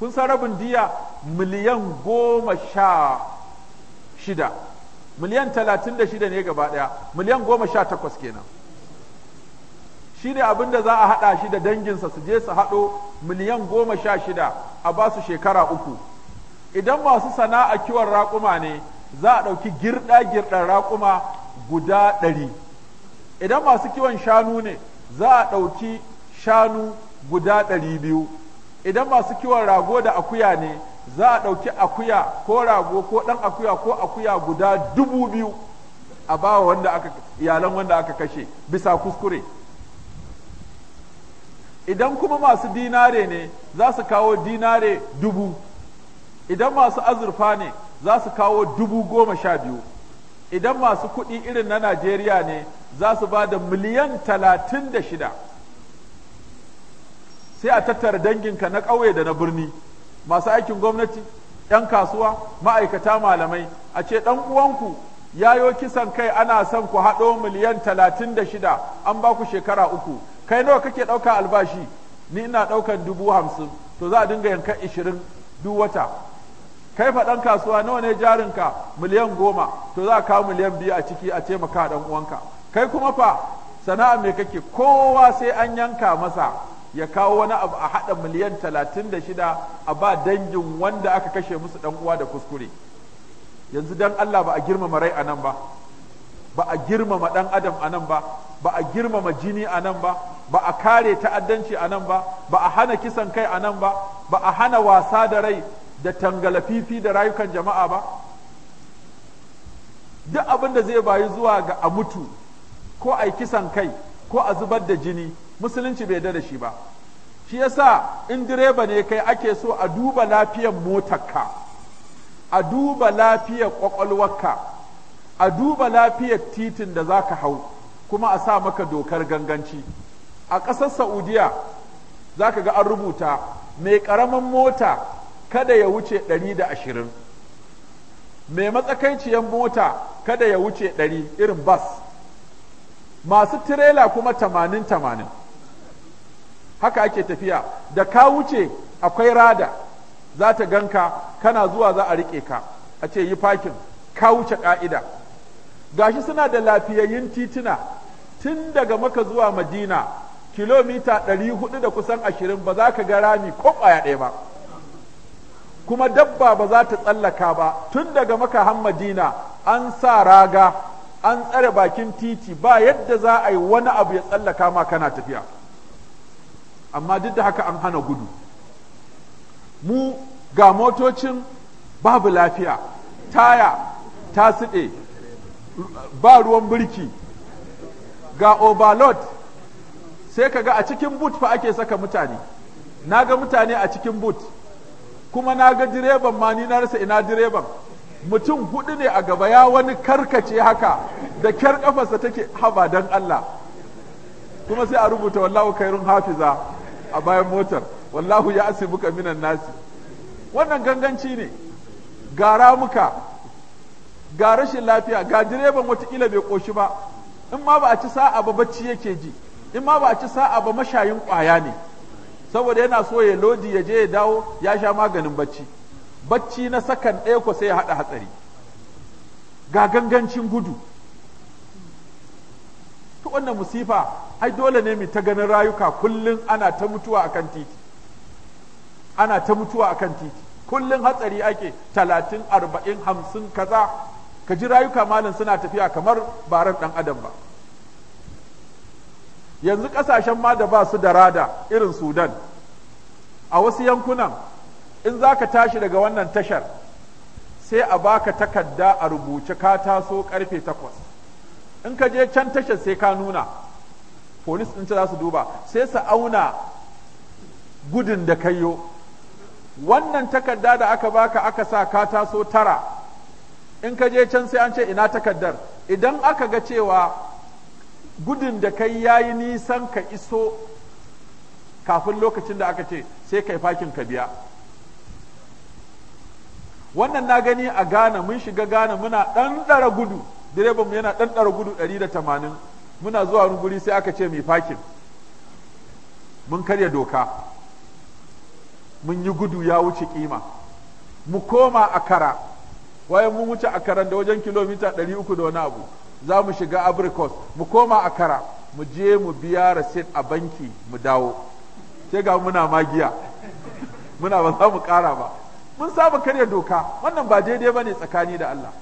kun san rabin diya miliyan goma sha shida miliyan talatin da shida ne gaba ɗaya miliyan goma sha takwas kenan shi ne abin da za a haɗa shi da danginsa su je su haɗo miliyan goma sha shida a ba su shekara uku idan masu sana'a kiwon raƙuma ne za a ɗauki girɗa-girɗan raƙuma guda ɗari idan masu kiwon shanu ne za a ɗauki shanu guda ɗari biyu idan masu kiwon rago da akuya ne za a ɗauki akuya ko rago ko ɗan akuya ko akuya guda dubu biyu a bawa wanda aka iyalan wanda aka kashe bisa kuskure idan kuma masu dinare ne za su kawo dinare dubu idan masu azurfa ne za su kawo dubu goma sha biyu idan masu kuɗi irin na najeriya ne za su ba da miliyan talatin da shida sai a tattara danginka na ƙauye da na birni masu aikin gwamnati 'yan kasuwa ma'aikata malamai a ce ɗan uwanku yayo kisan kai ana son ku haɗo miliyan talatin da shida an ba ku shekara uku kai nawa kake ɗauka albashi ni ina ɗaukan dubu hamsin to za a dinga yanka ishirin duk wata kai faɗan kasuwa nawa ne jarinka miliyan goma to za a kawo miliyan biyu a ciki a taimaka ɗan uwanka kai kuma fa sana'a me kake kowa sai an yanka masa ya kawo wani abu a haɗa miliyan talatin da shida a ba dangin wanda aka kashe musu ɗan uwa da kuskure yanzu dan Allah ba a girmama rai a nan ba ba a girmama ɗan adam a nan ba ba a girmama jini a nan ba ba a kare ta'addanci a nan ba ba a hana kisan kai a nan ba ba a hana wasa da rai da tangalafifi da rayukan jama'a ba duk abin da zai bayi zuwa ga a mutu ko a kisan kai ko a zubar da jini musulunci bai da shi ba shi yasa in direba ne kai ake so a duba lafiyar motarka a duba lafiyar kwakwalwarka a duba lafiyar titin da za ka hau kuma a sa maka dokar ganganci a ƙasar saudiya za ka ga an rubuta mai ƙaramin mota kada ya wuce 120 mai matsakaiciyar mota kada ya wuce 100 irin bas masu tirela kuma 80-80 haka ake tafiya da ka wuce akwai rada za ta ganka kana zuwa za a riƙe ka a ce yi fakin ka wuce ƙa'ida gashi suna da lafiyayyun tituna tun daga maka zuwa madina kilomita ɗari hudu da kusan ashirin ba za ka ga rami ko ɓaya ɗaya ba kuma dabba ba za ta tsallaka ba tun daga maka han madina an sa raga an tsare bakin titi ba yadda za a yi wani abu ya tsallaka ma kana tafiya amma duk da haka an hana gudu mu ga motocin babu lafiya taya ta siɗe ba ruwan birki ga overload sai ka ga a cikin boot fa ake saka mutane na ga mutane a cikin boot kuma na ga direban ma ni na rasa ina direban mutum hudu ne a gaba ya wani karkace haka da kyar kafarsa take haba don Allah kuma sai a rubuta wallahu kairun hafiza a bayan motar wallahu ya asibuka minan nasi wannan ganganci ne gara muka. ga rashin lafiya ga direban watakila bai koshi ba in ma ba a ci sa'a ba bacci yake ji in ma ba a ci sa'a ba mashayin kwaya ne saboda yana so ya lodi ya je ya dawo ya sha maganin bacci bacci na sakan ɗaya ko sai ya haɗa hatsari ga gangancin gudu duk wannan musifa ai dole ne mu ta ganin rayuka kullum ana ta mutuwa akan titi ana ta mutuwa akan titi kullum hatsari ake talatin arba'in hamsin kaza ka ji rayuka malin suna tafiya kamar baran ɗan adam ba yanzu ƙasashen ma da ba su da rada irin sudan a wasu yankunan in za ka tashi daga wannan tashar sai a baka takarda a rubuce ka taso karfe takwas in ka je can tashar sai ka nuna polis ɗin za su duba sai su auna gudun da kayo wannan takarda da aka baka aka sa ka taso tara in ka je can sai an ce ina takardar idan aka ga cewa gudun da kai ya yi nisan ka iso kafin lokacin da aka ce sai kai fakin ka biya wannan na gani a gana mun shiga gana muna ɗan ɗara gudu direban mu yana ɗan ɗara gudu ɗari da tamanin muna zuwa wani guri sai aka ce mai fakin mun karya doka mun yi gudu ya wuce kima mu koma a kara wayan mun wuce a karan da wajen kilomita ɗari uku da wani abu za mu shiga abrikos mu koma a kara mu je mu biya rasit a banki mu dawo sai ga muna magiya muna ba za mu kara ba mun samu karya doka wannan ba daidai ba ne tsakani da Allah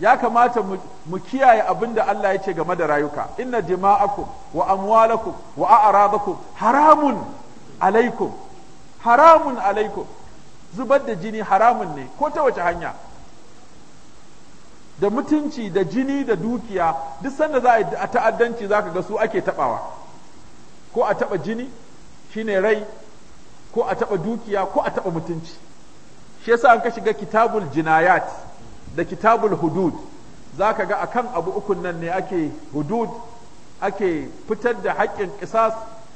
ya kamata mu kiyaye abin da Allah ya ce game da rayuka inna dima'akum wa amwalakum wa a'radakum haramun alaikum haramun alaikum zubar da jini haramun ne ko ta wace hanya da mutunci da jini da dukiya duk sanda za a ta'addanci za ka ga su ake taɓawa. ko a taba jini shine rai ko a taba dukiya ko a taɓa mutunci shi yasa an ka shiga kitabul jinayat da kitabul hudud za ka ga akan abu ukun nan ne ake hudud ake fitar da haƙƙin ƙisas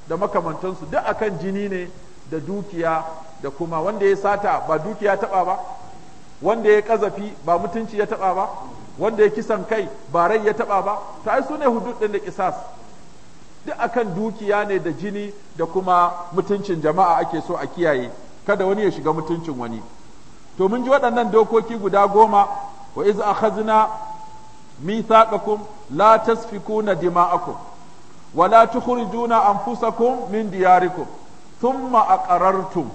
da makamantansu duk akan jini ne da dukiya da kuma wanda ya sata ba dukiya taɓa ba wanda ya ƙazafi ba mutunci ya taɓa ba wanda ya kisan kai ba rai ya taɓa ba ta ai su ne hudud ɗin da ƙisas duk akan dukiya ne da jini da kuma mutuncin jama'a ake so a kiyaye kada wani ya shiga mutuncin wani to mun ji waɗannan dokoki guda goma wa iz akhadna mithaqakum la tasfikuna dima'akum wa la tukhrijuna anfusakum min diyarikum thumma aqarartum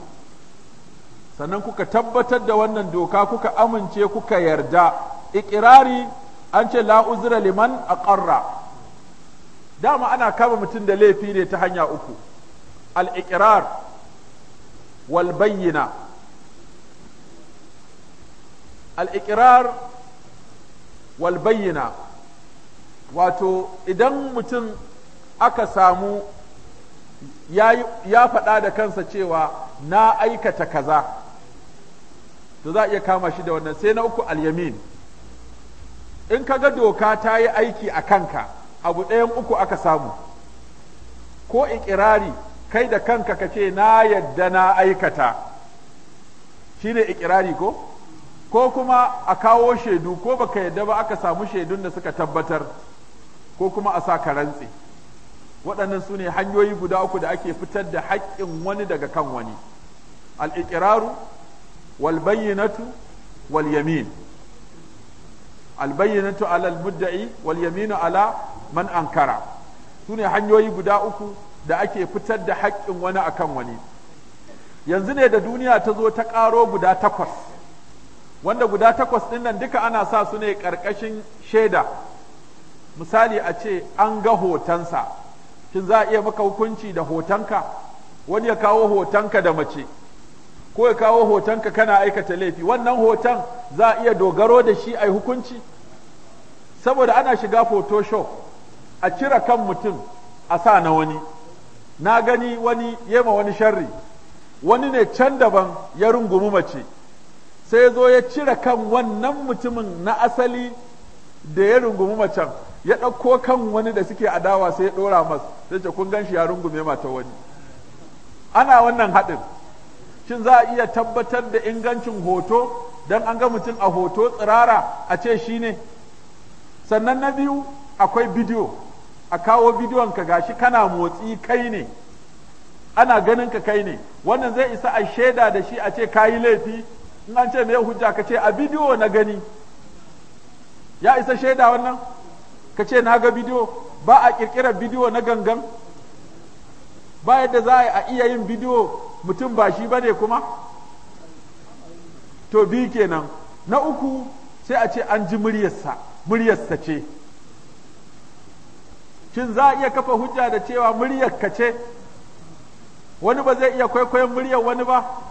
sannan kuka tabbatar da wannan doka kuka amince kuka yarda ikirari an ce la uzra liman aqarra dama ana kama mutum da laifi ne ta hanya uku al-iqrar wal bayyina al'ikirar walbayyana wato idan mutum aka samu ya faɗa da kansa cewa na aikata kaza to za a iya kama shi da wannan sai na uku alyamin in ka ga doka ta yi aiki a kanka abu ɗayan uku aka samu ko ikirari kai da kanka ka ce na yadda na aikata shi ne ikirari ko ko kuma a kawo shaidu ko baka yadda ba aka samu shaidun da suka tabbatar ko kuma a sa ka rantse waɗannan su ne hanyoyi guda uku da ake fitar da haƙƙin wani daga kan wani al-iqraru walyamin bayyinatu alal ala mudda'i walyaminu ala man ankara su ne hanyoyi guda uku da ake fitar da haƙƙin wani akan wani yanzu ne da duniya ta zo ta ƙaro guda takwas wanda guda takwas ɗin nan duka ana sa su ne ƙarƙashin shaida misali a ce an ga hotonsa shin za a iya maka hukunci da hotonka wani ya kawo hotonka da mace ko ya kawo hotonka kana aikata laifi wannan hoton za a iya dogaro da shi a yi hukunci saboda ana shiga photoshop a cire kan mutum a sa na wani na gani wani yema wani sharri wani ne can daban ya rungumi mace sai zo ya cire kan wannan mutumin na asali da ya rungumi macen ya ɗauko kan wani da suke adawa sai ya ɗora masu sai ce kun gan shi ya rungume mata wani ana wannan haɗin shin za a iya tabbatar da ingancin hoto don an ga mutum a hoto tsirara a ce shi ne sannan na biyu akwai bidiyo a kawo bidiyon ka gashi kana motsi kai ne ana ganin ka kai ne wannan zai isa a shaida da shi a ce kayi laifi in an ce me hujja ka ce a bidiyo na gani ya isa shaida wannan ka ce na ga bidiyo ba a kirkirar bidiyo na gangan ba yadda za a iya yin bidiyo mutum ba shi ba ne kuma to bi kenan na uku sai a ce an ji muryarsa muryarsa ce shin za a iya kafa hujja da cewa muryarka ce wani ba zai iya kwaikwayon muryar wani ba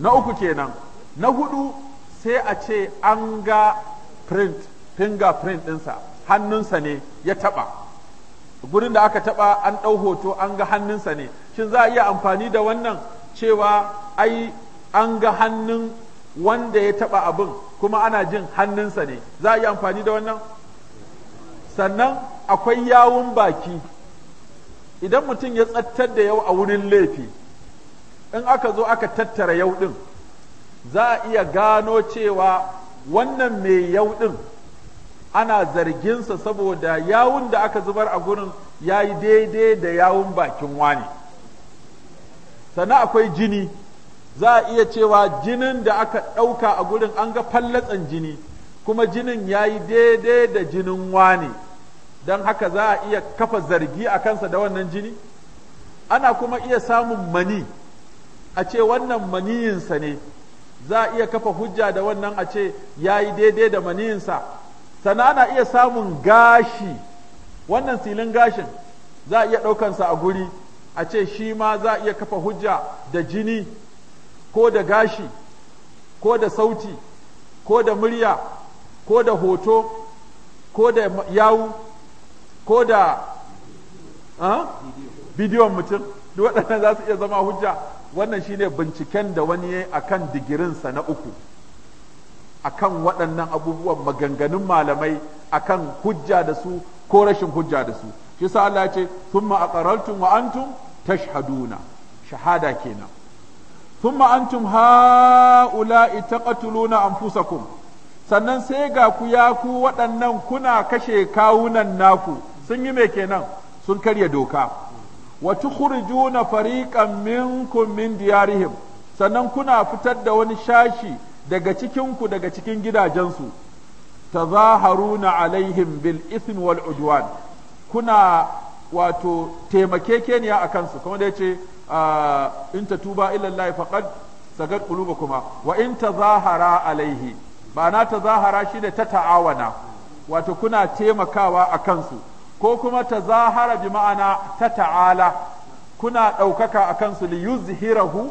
na uku kenan na hudu sai a ce an ga print fingerprint ɗinsa hannunsa ne ya taɓa gurin da aka taɓa an ɗau hoto an ga hannunsa ne shin za a iya amfani da wannan cewa ai an ga hannun wanda ya taɓa abin kuma ana jin hannunsa ne za a iya amfani da wannan sannan akwai yawun baki idan mutum ya tsattar da yau a wurin laifi in aka zo aka tattara yau ɗin za a iya gano cewa wannan mai yau ɗin ana zarginsa saboda yawun da aka zubar a gurin ya yi daidai da yawun bakin wani sannan akwai jini za a iya cewa jinin da aka ɗauka a gurin an ga fallatsan jini kuma jinin ya yi daidai da jinin wani don haka za a iya kafa zargi a kansa da wannan jini ana kuma iya samun mani a ce wannan maniyinsa ne za a iya kafa hujja da wannan a ce ya yi daidai da maniyinsa Sana ana iya samun gashi wannan silin gashin za a iya ɗaukansa a guri a ce shi ma za a iya kafa hujja da jini ko da gashi ko da sauti ko da murya ko da hoto ko da yawu ko da ah, bidiyon mutum duk waɗannan za su iya zama hujja wannan shine binciken da wani ya akan digirinsa na uku akan waɗannan abubuwan maganganun malamai akan hujja da su ko rashin hujja da su shi sa Allah ce thumma aqarraltum wa antum tashhaduna shahada kenan thumma antum haula'i taqtuluna anfusakum sannan sai ga ku ya ku waɗannan kuna kashe kawunan naku sun yi me kenan sun karya doka wa tukhrijuna fariqan minkum min diyarihim sannan kuna fitar da wani shashi daga cikinku daga cikin gidajensu tazaharuna alaihim bil ithm wal udwan kuna wato taimakekeniya a kansu kuma da yace ah, in tatuba ila Allah faqad sagat qulubukuma wa in tazahara alaihi ba na tazahara da ta ta'awana wato kuna taimakawa a kansu ko kuma ta zahara bi ma'ana ta ta'ala kuna ɗaukaka a kansu li yuzhirahu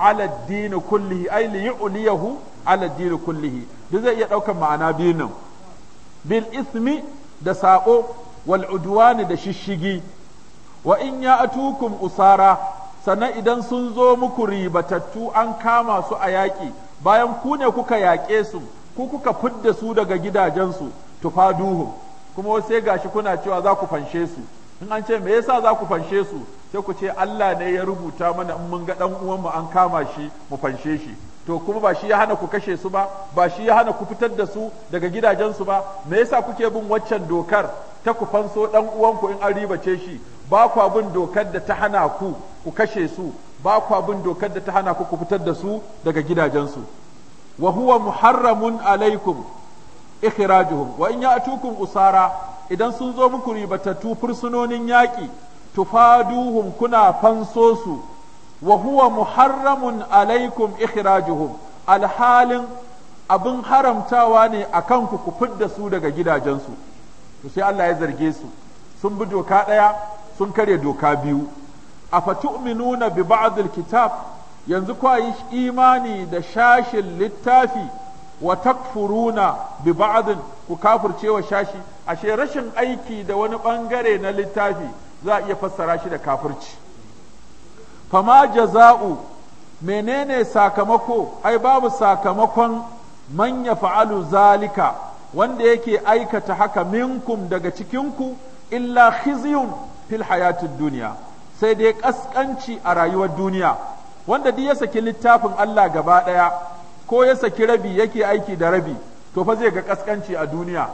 ala dini kullihi ai li yu'liyahu ala dini kullihi duk zai iya ɗaukar ma'ana biyu nan bil ismi da saƙo wal udwani da shishigi wa in ya atukum usara sannan idan sun zo muku ribatattu an kama su a yaƙi bayan ku ne kuka yaƙe su ku kuka fidda su daga gidajensu tufaduhum kuma sai gashi kuna cewa za ku fanshe su in an ce me yasa za ku fanshe su sai ku ce Allah ne ya rubuta mana in mun ga dan uwan mu an kama shi mu fanshe shi to kuma ba shi ya hana ku kashe su ba ba shi ya hana ku fitar da su daga gidajensu ba me yasa kuke bin waccan dokar ta ku fanso dan uwanku in an ribace shi ba kwa bin dokar da ta hana ku ku kashe su ba kwa bin dokar da ta hana ku ku fitar da su daga gidajensu wa huwa muharramun alaikum ikhrajuhum wa in ya'tukum usara idan sun zo muku ribatattu fursunonin yaƙi tufaduhum kuna fanso su wa huwa muharramun alaikum ikhrajuhum alhalin abin haramtawa ne a kanku ku fidda su daga gidajensu to sai Allah ya zarge su sun bi doka ɗaya sun karya doka biyu a fatu'minuna bi ba'dil kitab yanzu kwa yi imani da shashin littafi wa takfuruna bi ba'din ku kafirce wa shashi ashe rashin aiki da wani bangare na littafi za a iya fassara shi da kafirci fama jaza'u menene sakamako ai babu sakamakon man ya fa'alu zalika wanda yake aikata haka minkum daga cikinku illa khizyun fil hayatid duniya sai dai kaskanci a rayuwar duniya wanda duk ya saki littafin Allah gaba ɗaya ko ya saki rabi yake aiki da rabi to fa zai ga kaskanci a duniya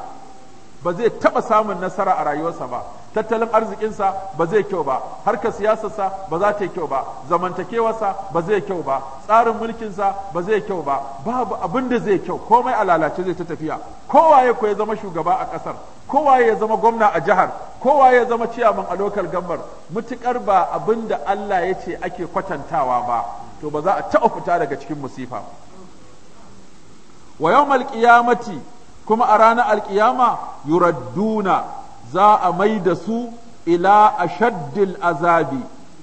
ba zai taɓa samun nasara a rayuwarsa ba tattalin arzikinsa ba zai kyau ba Harka siyasarsa ba za ta yi kyau ba zamantakewarsa ba zai kyau ba tsarin mulkinsa ba zai kyau ba babu abin da zai kyau komai a lalace zai ta tafiya kowaye ko ya zama shugaba a ƙasar kowaye ya zama gwamna a jihar kowaye ya zama ciyaman a lokal gambar mutukar ba abin da Allah ya ce ake kwatantawa ba to ba za a taɓa fita daga cikin musifa wa yawmal qiyamati kuma a ranar alkiyama yuradduna za a mai da su ila ashaddil azabi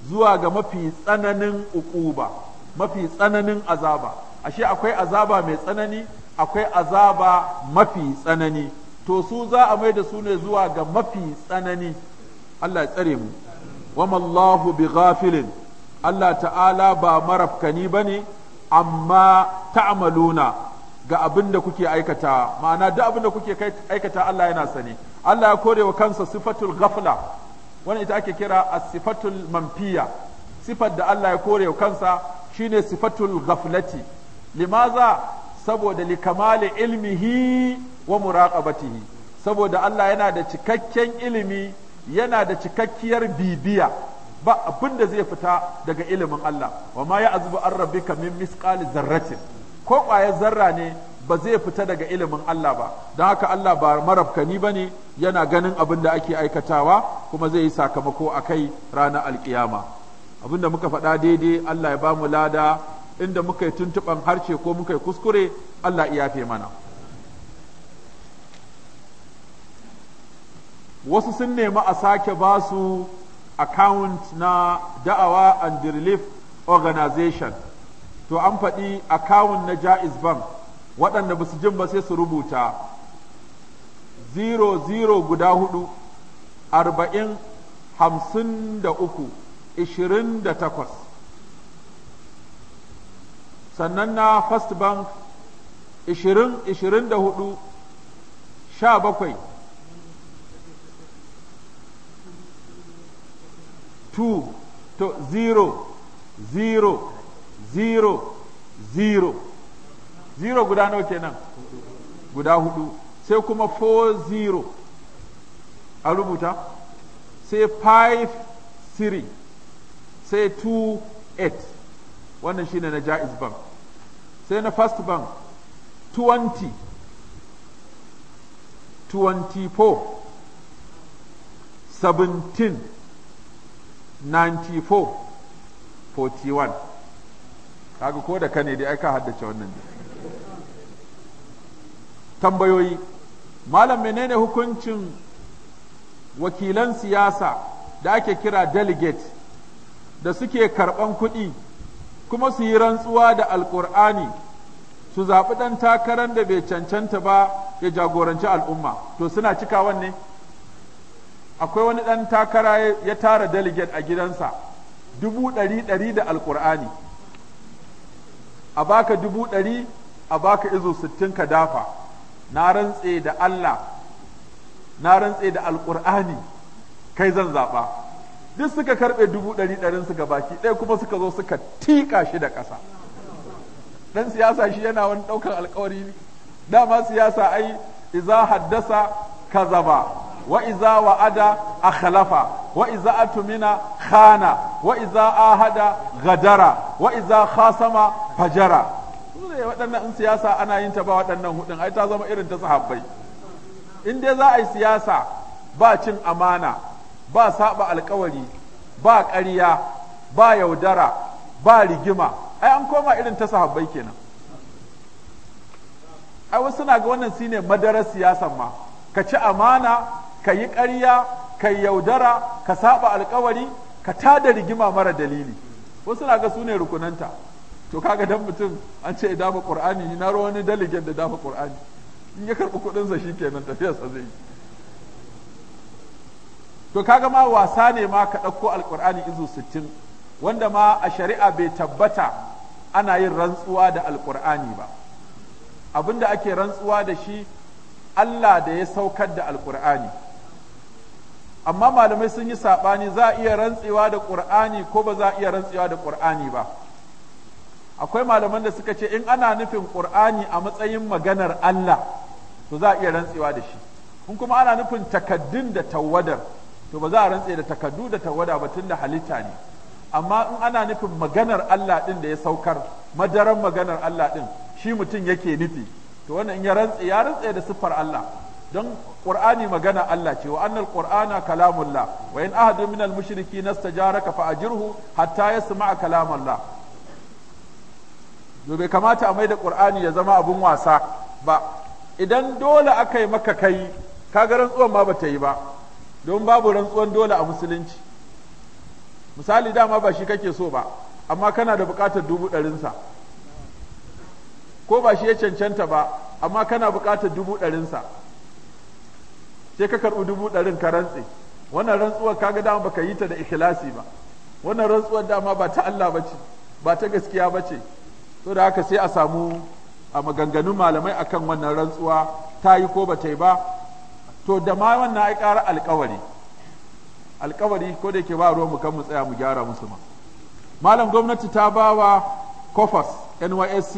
zuwa ga mafi tsananin ukuba mafi tsananin azaba ashe akwai azaba mai tsanani akwai azaba mafi tsanani to su za a mai da su ne zuwa ga mafi tsanani Allah ya tsare mu wama Allahu bi ghafilin Allah ta'ala ba marafkani bane amma ta'amaluna. ga abin da kuke aikata ma'ana duk abin da kuke aikata Allah yana sani Allah ya kore wa kansa sifatul ghafla wannan ita ake kira as-sifatul manfiya sifar da Allah ya kore wa kansa shine sifatul ghaflati limaza saboda likamali ilmihi wa muraqabatihi saboda Allah yana da cikakken ilimi yana da cikakkiyar bibiya ba abinda zai fita daga ilimin Allah wa ma ya azbu an rabbika min misqali zarratin ko ƙwayar zarra ne ba zai fita daga ilimin Allah ba don haka Allah ba marafkani ba ne yana ganin abin da ake aikatawa kuma zai yi sakamako a kai ranar alkiyama abin da muka faɗa daidai Allah ya ba mu lada inda muka yi tuntuɓan harshe ko muka yi kuskure Allah ya yafe mana wasu sun nemi a sake ba su account na da'awa and relief organization to an faɗi akawun na jaiz bank waɗanda ba su jin ba sai su rubuta zero zero guda hudu arba'in hamsin da uku ishirin sannan na first bank ishirin ishirin da hudu sha bakwai two to zero zero zero zero zero guda nawa kenan guda hudu sai kuma four zero a rubuta sai five three sai two eight wannan shi ne na Ja'iz bank sai na first bank twenty twenty four seventeen ninety four forty one kaga ko da ka ne dai ai ka haddace wannan ne tambayoyi malam menene hukuncin wakilan siyasa da ake kira delegate da suke karɓan kuɗi kuma su yi rantsuwa da alkur'ani su zaɓi ɗan takarar da bai cancanta ba ya jagoranci al'umma to suna cika wanne akwai wani ɗan takara ya tara delegate a gidansa dubu ɗari ɗari da alkur'ani a baka dubu ɗari a baka izo sittin ka dafa na rantse da Allah na rantse da alƙur'ani kai zan zaɓa duk suka karɓe dubu ɗari ɗarin suka baki ɗaya kuma suka zo suka tiƙa shi da ƙasa Ɗan siyasa shi yana wani ɗaukar alƙawari dama siyasa ai iza haddasa ka zaba wa iza a khalafa wa iza Tumina, khana wa iza Hada, gadara wa iza fajara ne waɗannan siyasa ana yin ta ba waɗannan hudun ai ta zama irin ta sahabbai in dai za a yi siyasa ba cin amana ba saba alkawari ba ƙarya ba yaudara ba rigima ai an koma irin ta sahabbai kenan ai wasu na ga wannan shine madarar siyasan ma ka ci amana ka yi ƙarya ka yaudara ka saba alkawari ka tada rigima mara dalili wasu na ga su ne rukunanta to kaga dan mutum an ce dama qur'ani na ruwa wani daligen da dama qur'ani in ya karɓi kuɗinsa shi kenan tafiyarsa zai to kaga ma wasa ne ma ka ɗauko alqur'ani izu sittin wanda ma a shari'a bai tabbata ana yin rantsuwa da alqur'ani ba abinda ake rantsuwa da shi Allah da ya saukar da alqur'ani amma malamai sun yi saɓani za a iya rantsewa da ƙur'ani ko ba za a iya rantsewa da ƙur'ani ba akwai malaman da suka ce in ana nufin ƙur'ani a matsayin maganar Allah to za a iya rantsewa da shi in kuma ana nufin takaddun da tawadar to ba za a rantse da takaddu da tawada ba tun da halitta ne amma in ana nufin maganar Allah ɗin da ya saukar madaran maganar Allah ɗin shi mutum yake nufi to wannan in ya rantse ya rantse da siffar Allah don qur'ani magana Allah ce wa annal qur'ana kalamullah wa in ahadu min al mushriki nastajaraka fa ajirhu hatta yasma'a kalamullah to bai kamata a maida qur'ani ya zama abun wasa ba idan dole aka yi maka kai ga rantsuwan ba bata yi ba don babu rantsuwan dole a musulunci misali dama ba shi kake so ba amma kana da bukatar dubu sa ko ba shi ya cancanta ba amma kana bukatar dubu ɗarinsa sai ka karɓi dubu ɗarin ka rantse wannan rantsuwar kaga dama baka yi ta da ikhlasi ba wannan rantsuwar dama ba ta Allah bace ba ta gaskiya bace to da haka sai a samu a maganganun malamai akan wannan rantsuwa ta yi ko ba ta yi ba to da ma wannan ai ƙara alƙawari alƙawari ko da yake ba ruwan mu kan mu tsaya mu gyara musu ma malam gwamnati ta bawa wa kofas nysc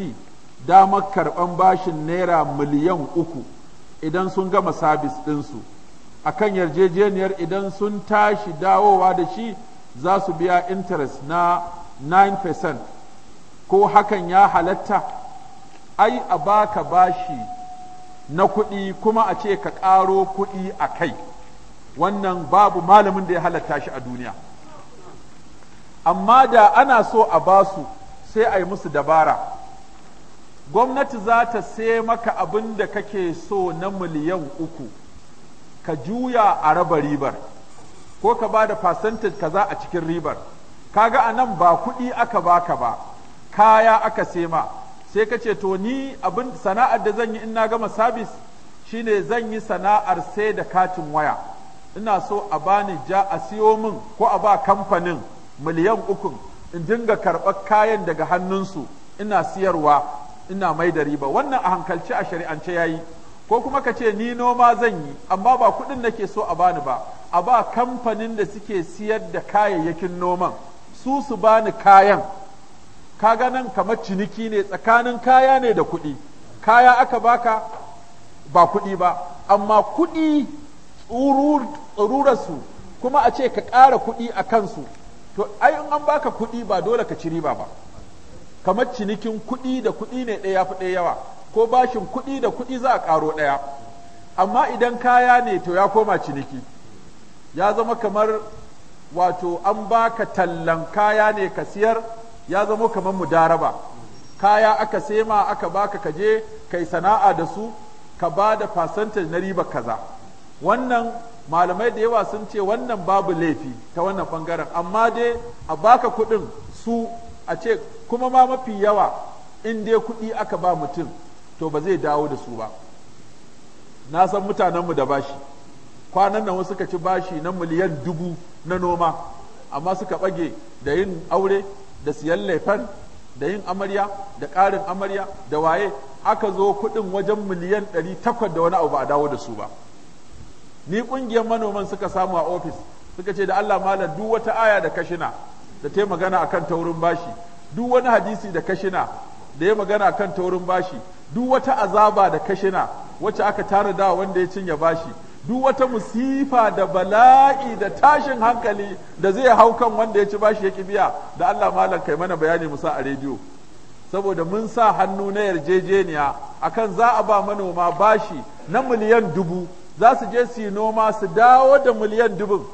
damar karɓan bashin naira miliyan uku idan sun gama sabis ɗinsu akan yarjejeniyar idan sun tashi dawowa da shi za su biya interest na 9% ko hakan ya halatta ai a baka bashi na kuɗi kuma a ce ka ƙaro kuɗi a kai wannan babu malamin da ya halatta shi a duniya amma da ana so a basu sai a yi musu dabara gwamnati za ta sai maka abin da kake so na miliyan uku ka juya a raba ribar ko ka ba da percentage kaza a cikin ribar kaga a nan ba kuɗi aka baka ba kaya aka sema sai ka ce to ni abin sana'ar da zan yi in na gama sabis shine zan yi sana'ar sai da katin waya ina so a bani ja a siyo min ko a ba kamfanin miliyan ukun in dinga karɓar kayan daga hannunsu ina siyarwa ina mai da riba wannan a hankalci a shari'ance yi. ko kuma ka ce ni noma zan yi amma ba kuɗin nake so a bani ba a ba kamfanin da suke siyar da kayayyakin noman su su bani kayan Ka ganin kamar ciniki ne tsakanin kaya ne da kuɗi kaya aka baka ba kuɗi ba amma kuɗi tsururarsu kuma a ce ka ƙara kuɗi a kansu to ai in an baka kuɗi ba dole ka ci riba ba kamar cinikin kuɗi da kuɗi ne ɗaya fi ɗaya yawa ko bashin kuɗi da kuɗi za a ƙaro ɗaya amma idan kaya ne to ya koma ciniki ya zama kamar wato an baka tallan kaya ne ka siyar ya zama kamar mudaraba kaya aka sema aka baka ka je kai sana'a da su ka ba da percentage na riba kaza wannan malamai da yawa sun ce wannan babu laifi ta wannan bangaren amma dai a baka kuɗin su a ce kuma ma mafi yawa in dai kuɗi aka ba mutum to ba zai dawo da su ba na san mutanenmu da bashi kwanan nan suka ci bashi na miliyan dubu na noma amma suka bage da yin aure da siyan laifan da yin amarya da ƙarin amarya da waye aka zo kudin wajen miliyan ɗari takwas da wani abu a dawo da su ba ni kungiyar manoman suka samu a ofis suka ce da Allah malam duk wata aya da kashina da ta magana akan taurin bashi duk wani hadisi da kashina da ya magana akan taurin bashi duk wata azaba da kashina wacce aka tara da wanda ya cinye bashi duk wata musifa da bala'i da tashin hankali da zai hau kan wanda ya ci bashi ya kibiya da Allah malam kai mana bayani musa a rediyo saboda mun sa hannu na yarjejeniya akan za a ba manoma bashi na miliyan dubu za su je su yi noma su dawo da miliyan dubun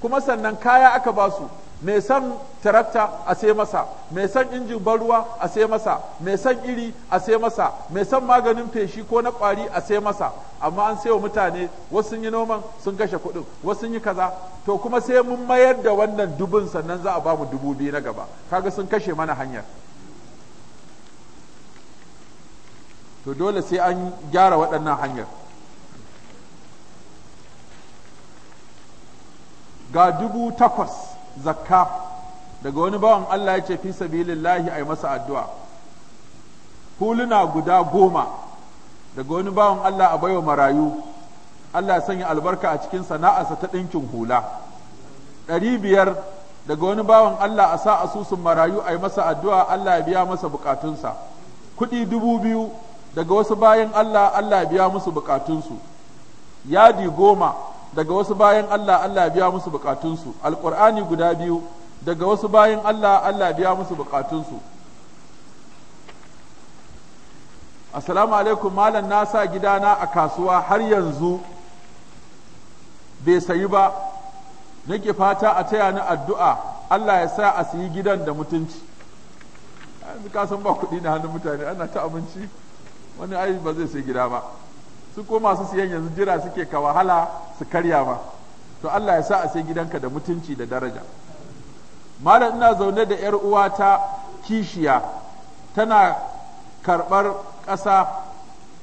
kuma sannan kaya aka ba su mai san tarakta a sai masa mai san injin ban ruwa a sai masa mai san iri a sai masa mai san maganin feshi ko na kwari a sai masa amma an sai wa mutane wasu sun yi noman sun kashe kuɗin wasu sun yi kaza to kuma sai mun mayar da wannan dubun sannan za a ba mu dubu biyu na gaba kaga sun kashe mana hanyar to dole sai an gyara waɗannan hanyar ga dubu takwas zakka daga wani bawan Allah ya ce fi sabilillahi ai masa addu'a huluna guda goma daga wani bawan Allah a baiwa marayu Allah ya sanya albarka a cikin sana'arsa ta ɗinkin hula ɗari biyar daga wani bawan Allah a sa asusun marayu a yi masa addu'a Allah ya biya masa bukatunsa kuɗi dubu biyu daga wasu bayan Allah Allah ya biya musu bukatunsu yadi goma daga wasu bayan Allah Allah biya musu bukatunsu alkur'ani guda biyu daga wasu bayan Allah Allah biya musu bukatunsu assalamu alaikum malam na sa gidana a kasuwa har yanzu bai sayi ba nake fata a taya ni addu'a Allah ya sa a sayi gidan da mutunci ka san ba kuɗi na hannun mutane ana ta abinci wani ai ba zai sayi gida ba su ko masu siyan yanzu jira suke ka wahala su karya ba to Allah ya sa a sai gidanka da mutunci da daraja malam ina zaune da yar uwata kishiya tana karbar ƙasa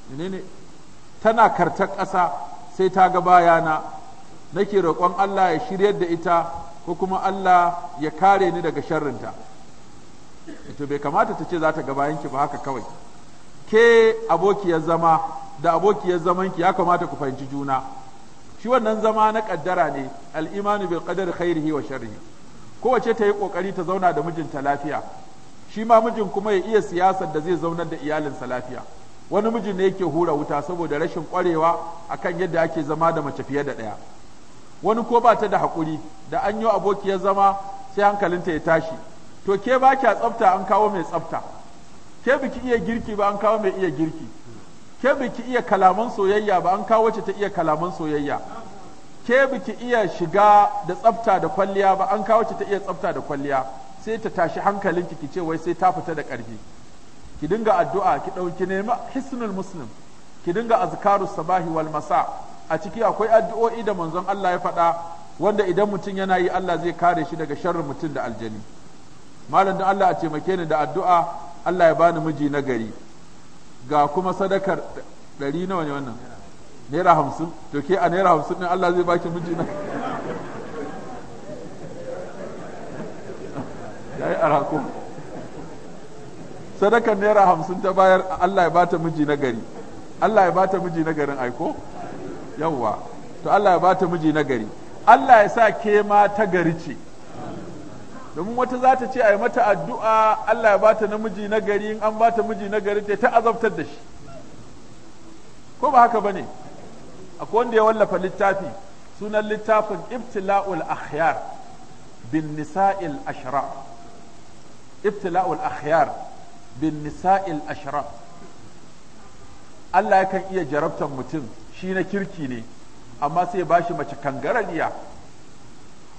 menene tana kartar ƙasa sai ta ga bayana nake roƙon Allah ya shiryar da ita ko kuma Allah ya kare ni daga sharrinta to bai kamata ta ce za ta ga bayanki ba haka kawai ke abokiyar zama da abokiyar zaman ki ya kamata ku fahimci juna shi wannan zama na kaddara ne al'imanu bil qadari khairihi wa sharrihi kowace ta yi kokari ta zauna da mijinta lafiya shi ma mijin kuma ya iya siyasar da zai zaunar da iyalinsa lafiya wani mijin ne yake hura wuta saboda rashin kwarewa akan yadda ake zama da mace fiye da ɗaya wani ko ba ta da hakuri da an yi abokiyar zama sai hankalinta ya tashi to ke ba kya tsafta an kawo mai tsafta ke biki iya girki ba an kawo mai iya girki ke biki iya kalaman soyayya ba an kawo wacce ta iya kalaman soyayya ke biki iya shiga da tsafta da kwalliya ba an kawo wacce ta iya tsafta da kwalliya sai ta tashi hankalin ki ce wai sai ta fita da ƙarfi ki dinga addu'a ki ɗauki nema hisnul muslim ki dinga azkarus sabahi wal masa a ciki akwai addu'o'i da manzon Allah ya faɗa wanda idan mutum yana yi Allah zai kare shi daga sharrin mutum da aljani malam don Allah a taimake ni da addu'a Allah ya bani miji na gari ga kuma sadakar ɗari nawa ne wannan naira hamsin to ke a naira hamsin ɗin Allah zai baki miji na ya yi arako sadakar naira hamsin ta bayar Allah ya bata miji na gari Allah ya bata miji na garin aiko yawwa to Allah ya bata miji na gari Allah ya sa ke ma ta gari ce domin wata za ta ce a yi mata addu'a Allah ya bata namiji na gari in an bata miji na gari ta azabtar da shi ko ba haka bane akwai wanda ya wallafa littafi sunan littafin ibtila'ul akhyar bin nisa'il ashraf ibtila'ul akhyar bin nisa'il ashraf Allah yakan iya jarabtar mutum shi na kirki ne amma sai ya bashi mace kangarariya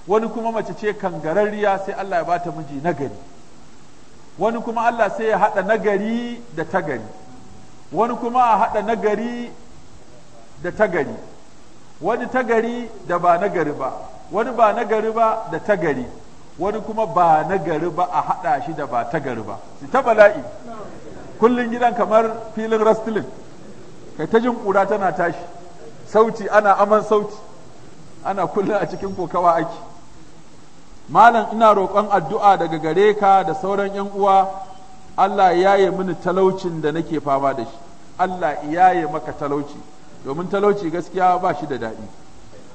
wani kuma mace ce kan kangararriya sai Allah ya bata miji nagari wani kuma Allah sai ya haɗa nagari da tagari wani kuma a haɗa nagari da tagari wani tagari da ba nagari ba wani ba nagari ba da tagari wani kuma ba nagari ba a hada shi da ba tagari ba su ta bala'i kullum gidan kamar filin rastilin kai ta jin kura tana tashi sauti ana aman sauti ana kullum a cikin kokawa ake malam ina roƙon addu'a daga gare ka da sauran ‘yan uwa Allah ya yi mini talaucin da nake fama da shi Allah ya yi maka talauci domin talauci gaskiya ba shi da daɗi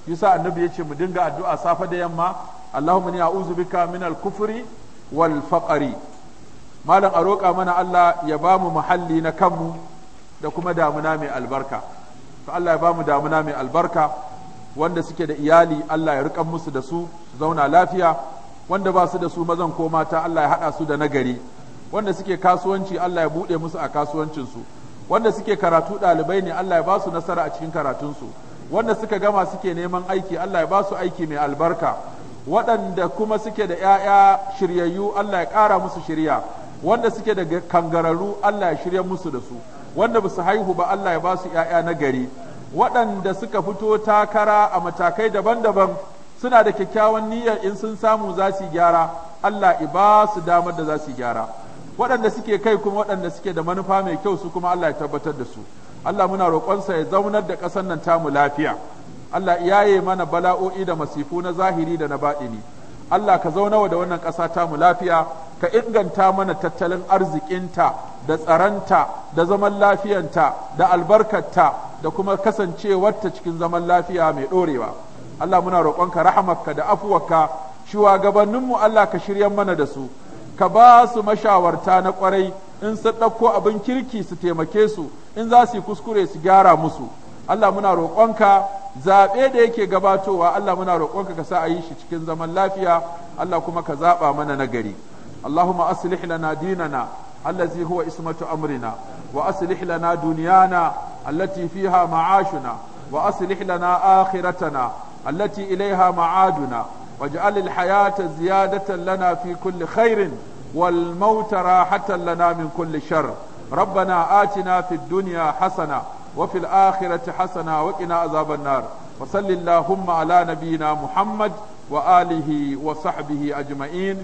Yusa annabi ya ce mu dinga addu'a safe da yamma Allahumma ni a bika min al-kufri wal faƙari. malam a roƙa mana Allah ya ba mu muhalli na kanmu da kuma damuna mai albarka to Allah ya ba mu damuna mai albarka wanda suke da iyali Allah ya rikan musu da su su zauna lafiya wanda ba su da su mazan ko mata Allah ya haɗa su da nagari wanda suke kasuwanci Allah ya buɗe musu a kasuwancinsu wanda suke karatu ɗalibai ne Allah ya ba su nasara a cikin karatunsu wanda suka gama suke neman aiki Allah ya ba su aiki mai albarka waɗanda kuma suke da ‘ya'ya shiryayyu Allah ya ƙara musu shirya wanda suke da kangararru Allah ya shirya musu da su wanda ba su haihu ba Allah ya ba su ‘ya'ya nagari. waɗanda suka fito takara a matakai daban-daban suna da kyakkyawan niyyar in sun samu za su gyara Allah iba su damar da za su gyara waɗanda suke kai kuma waɗanda suke da manufa mai kyau su kuma Allah ya tabbatar da su Allah muna roƙonsa ya zaunar da ƙasar nan tamu lafiya Allah iyaye mana bala'o'i da masifu na zahiri da na baɗini Allah ka zauna da wannan ƙasa tamu lafiya ka inganta mana tattalin arzikinta da tsaranta da zaman lafiyanta da albarkarta da kuma kasancewarta cikin zaman lafiya mai ɗorewa Allah muna roƙonka rahamarka da afuwarka shugabanninmu Allah ka shirya mana da su ka ba su mashawarta na ƙwarai in su ɗauko abin kirki su taimake su in za su yi kuskure su gyara musu Allah muna roƙonka zaɓe da yake gabatowa Allah muna roƙonka ka sa a yi shi cikin zaman lafiya Allah kuma ka zaɓa mana nagari Allahumma aslih lana dinana allazi huwa ismatu amrina wa aslih lana dunyana allati fiha ma'ashuna wa aslih lana akhiratana allati ilaiha ma'aduna waj'al al-hayata ziyadatan lana fi kulli khairin wal mauta rahatan lana min kulli shar ربنا آتنا في الدنيا حسنة وفي الآخرة حسنة وقنا عذاب النار وصل اللهم على نبينا محمد وآله وصحبه أجمعين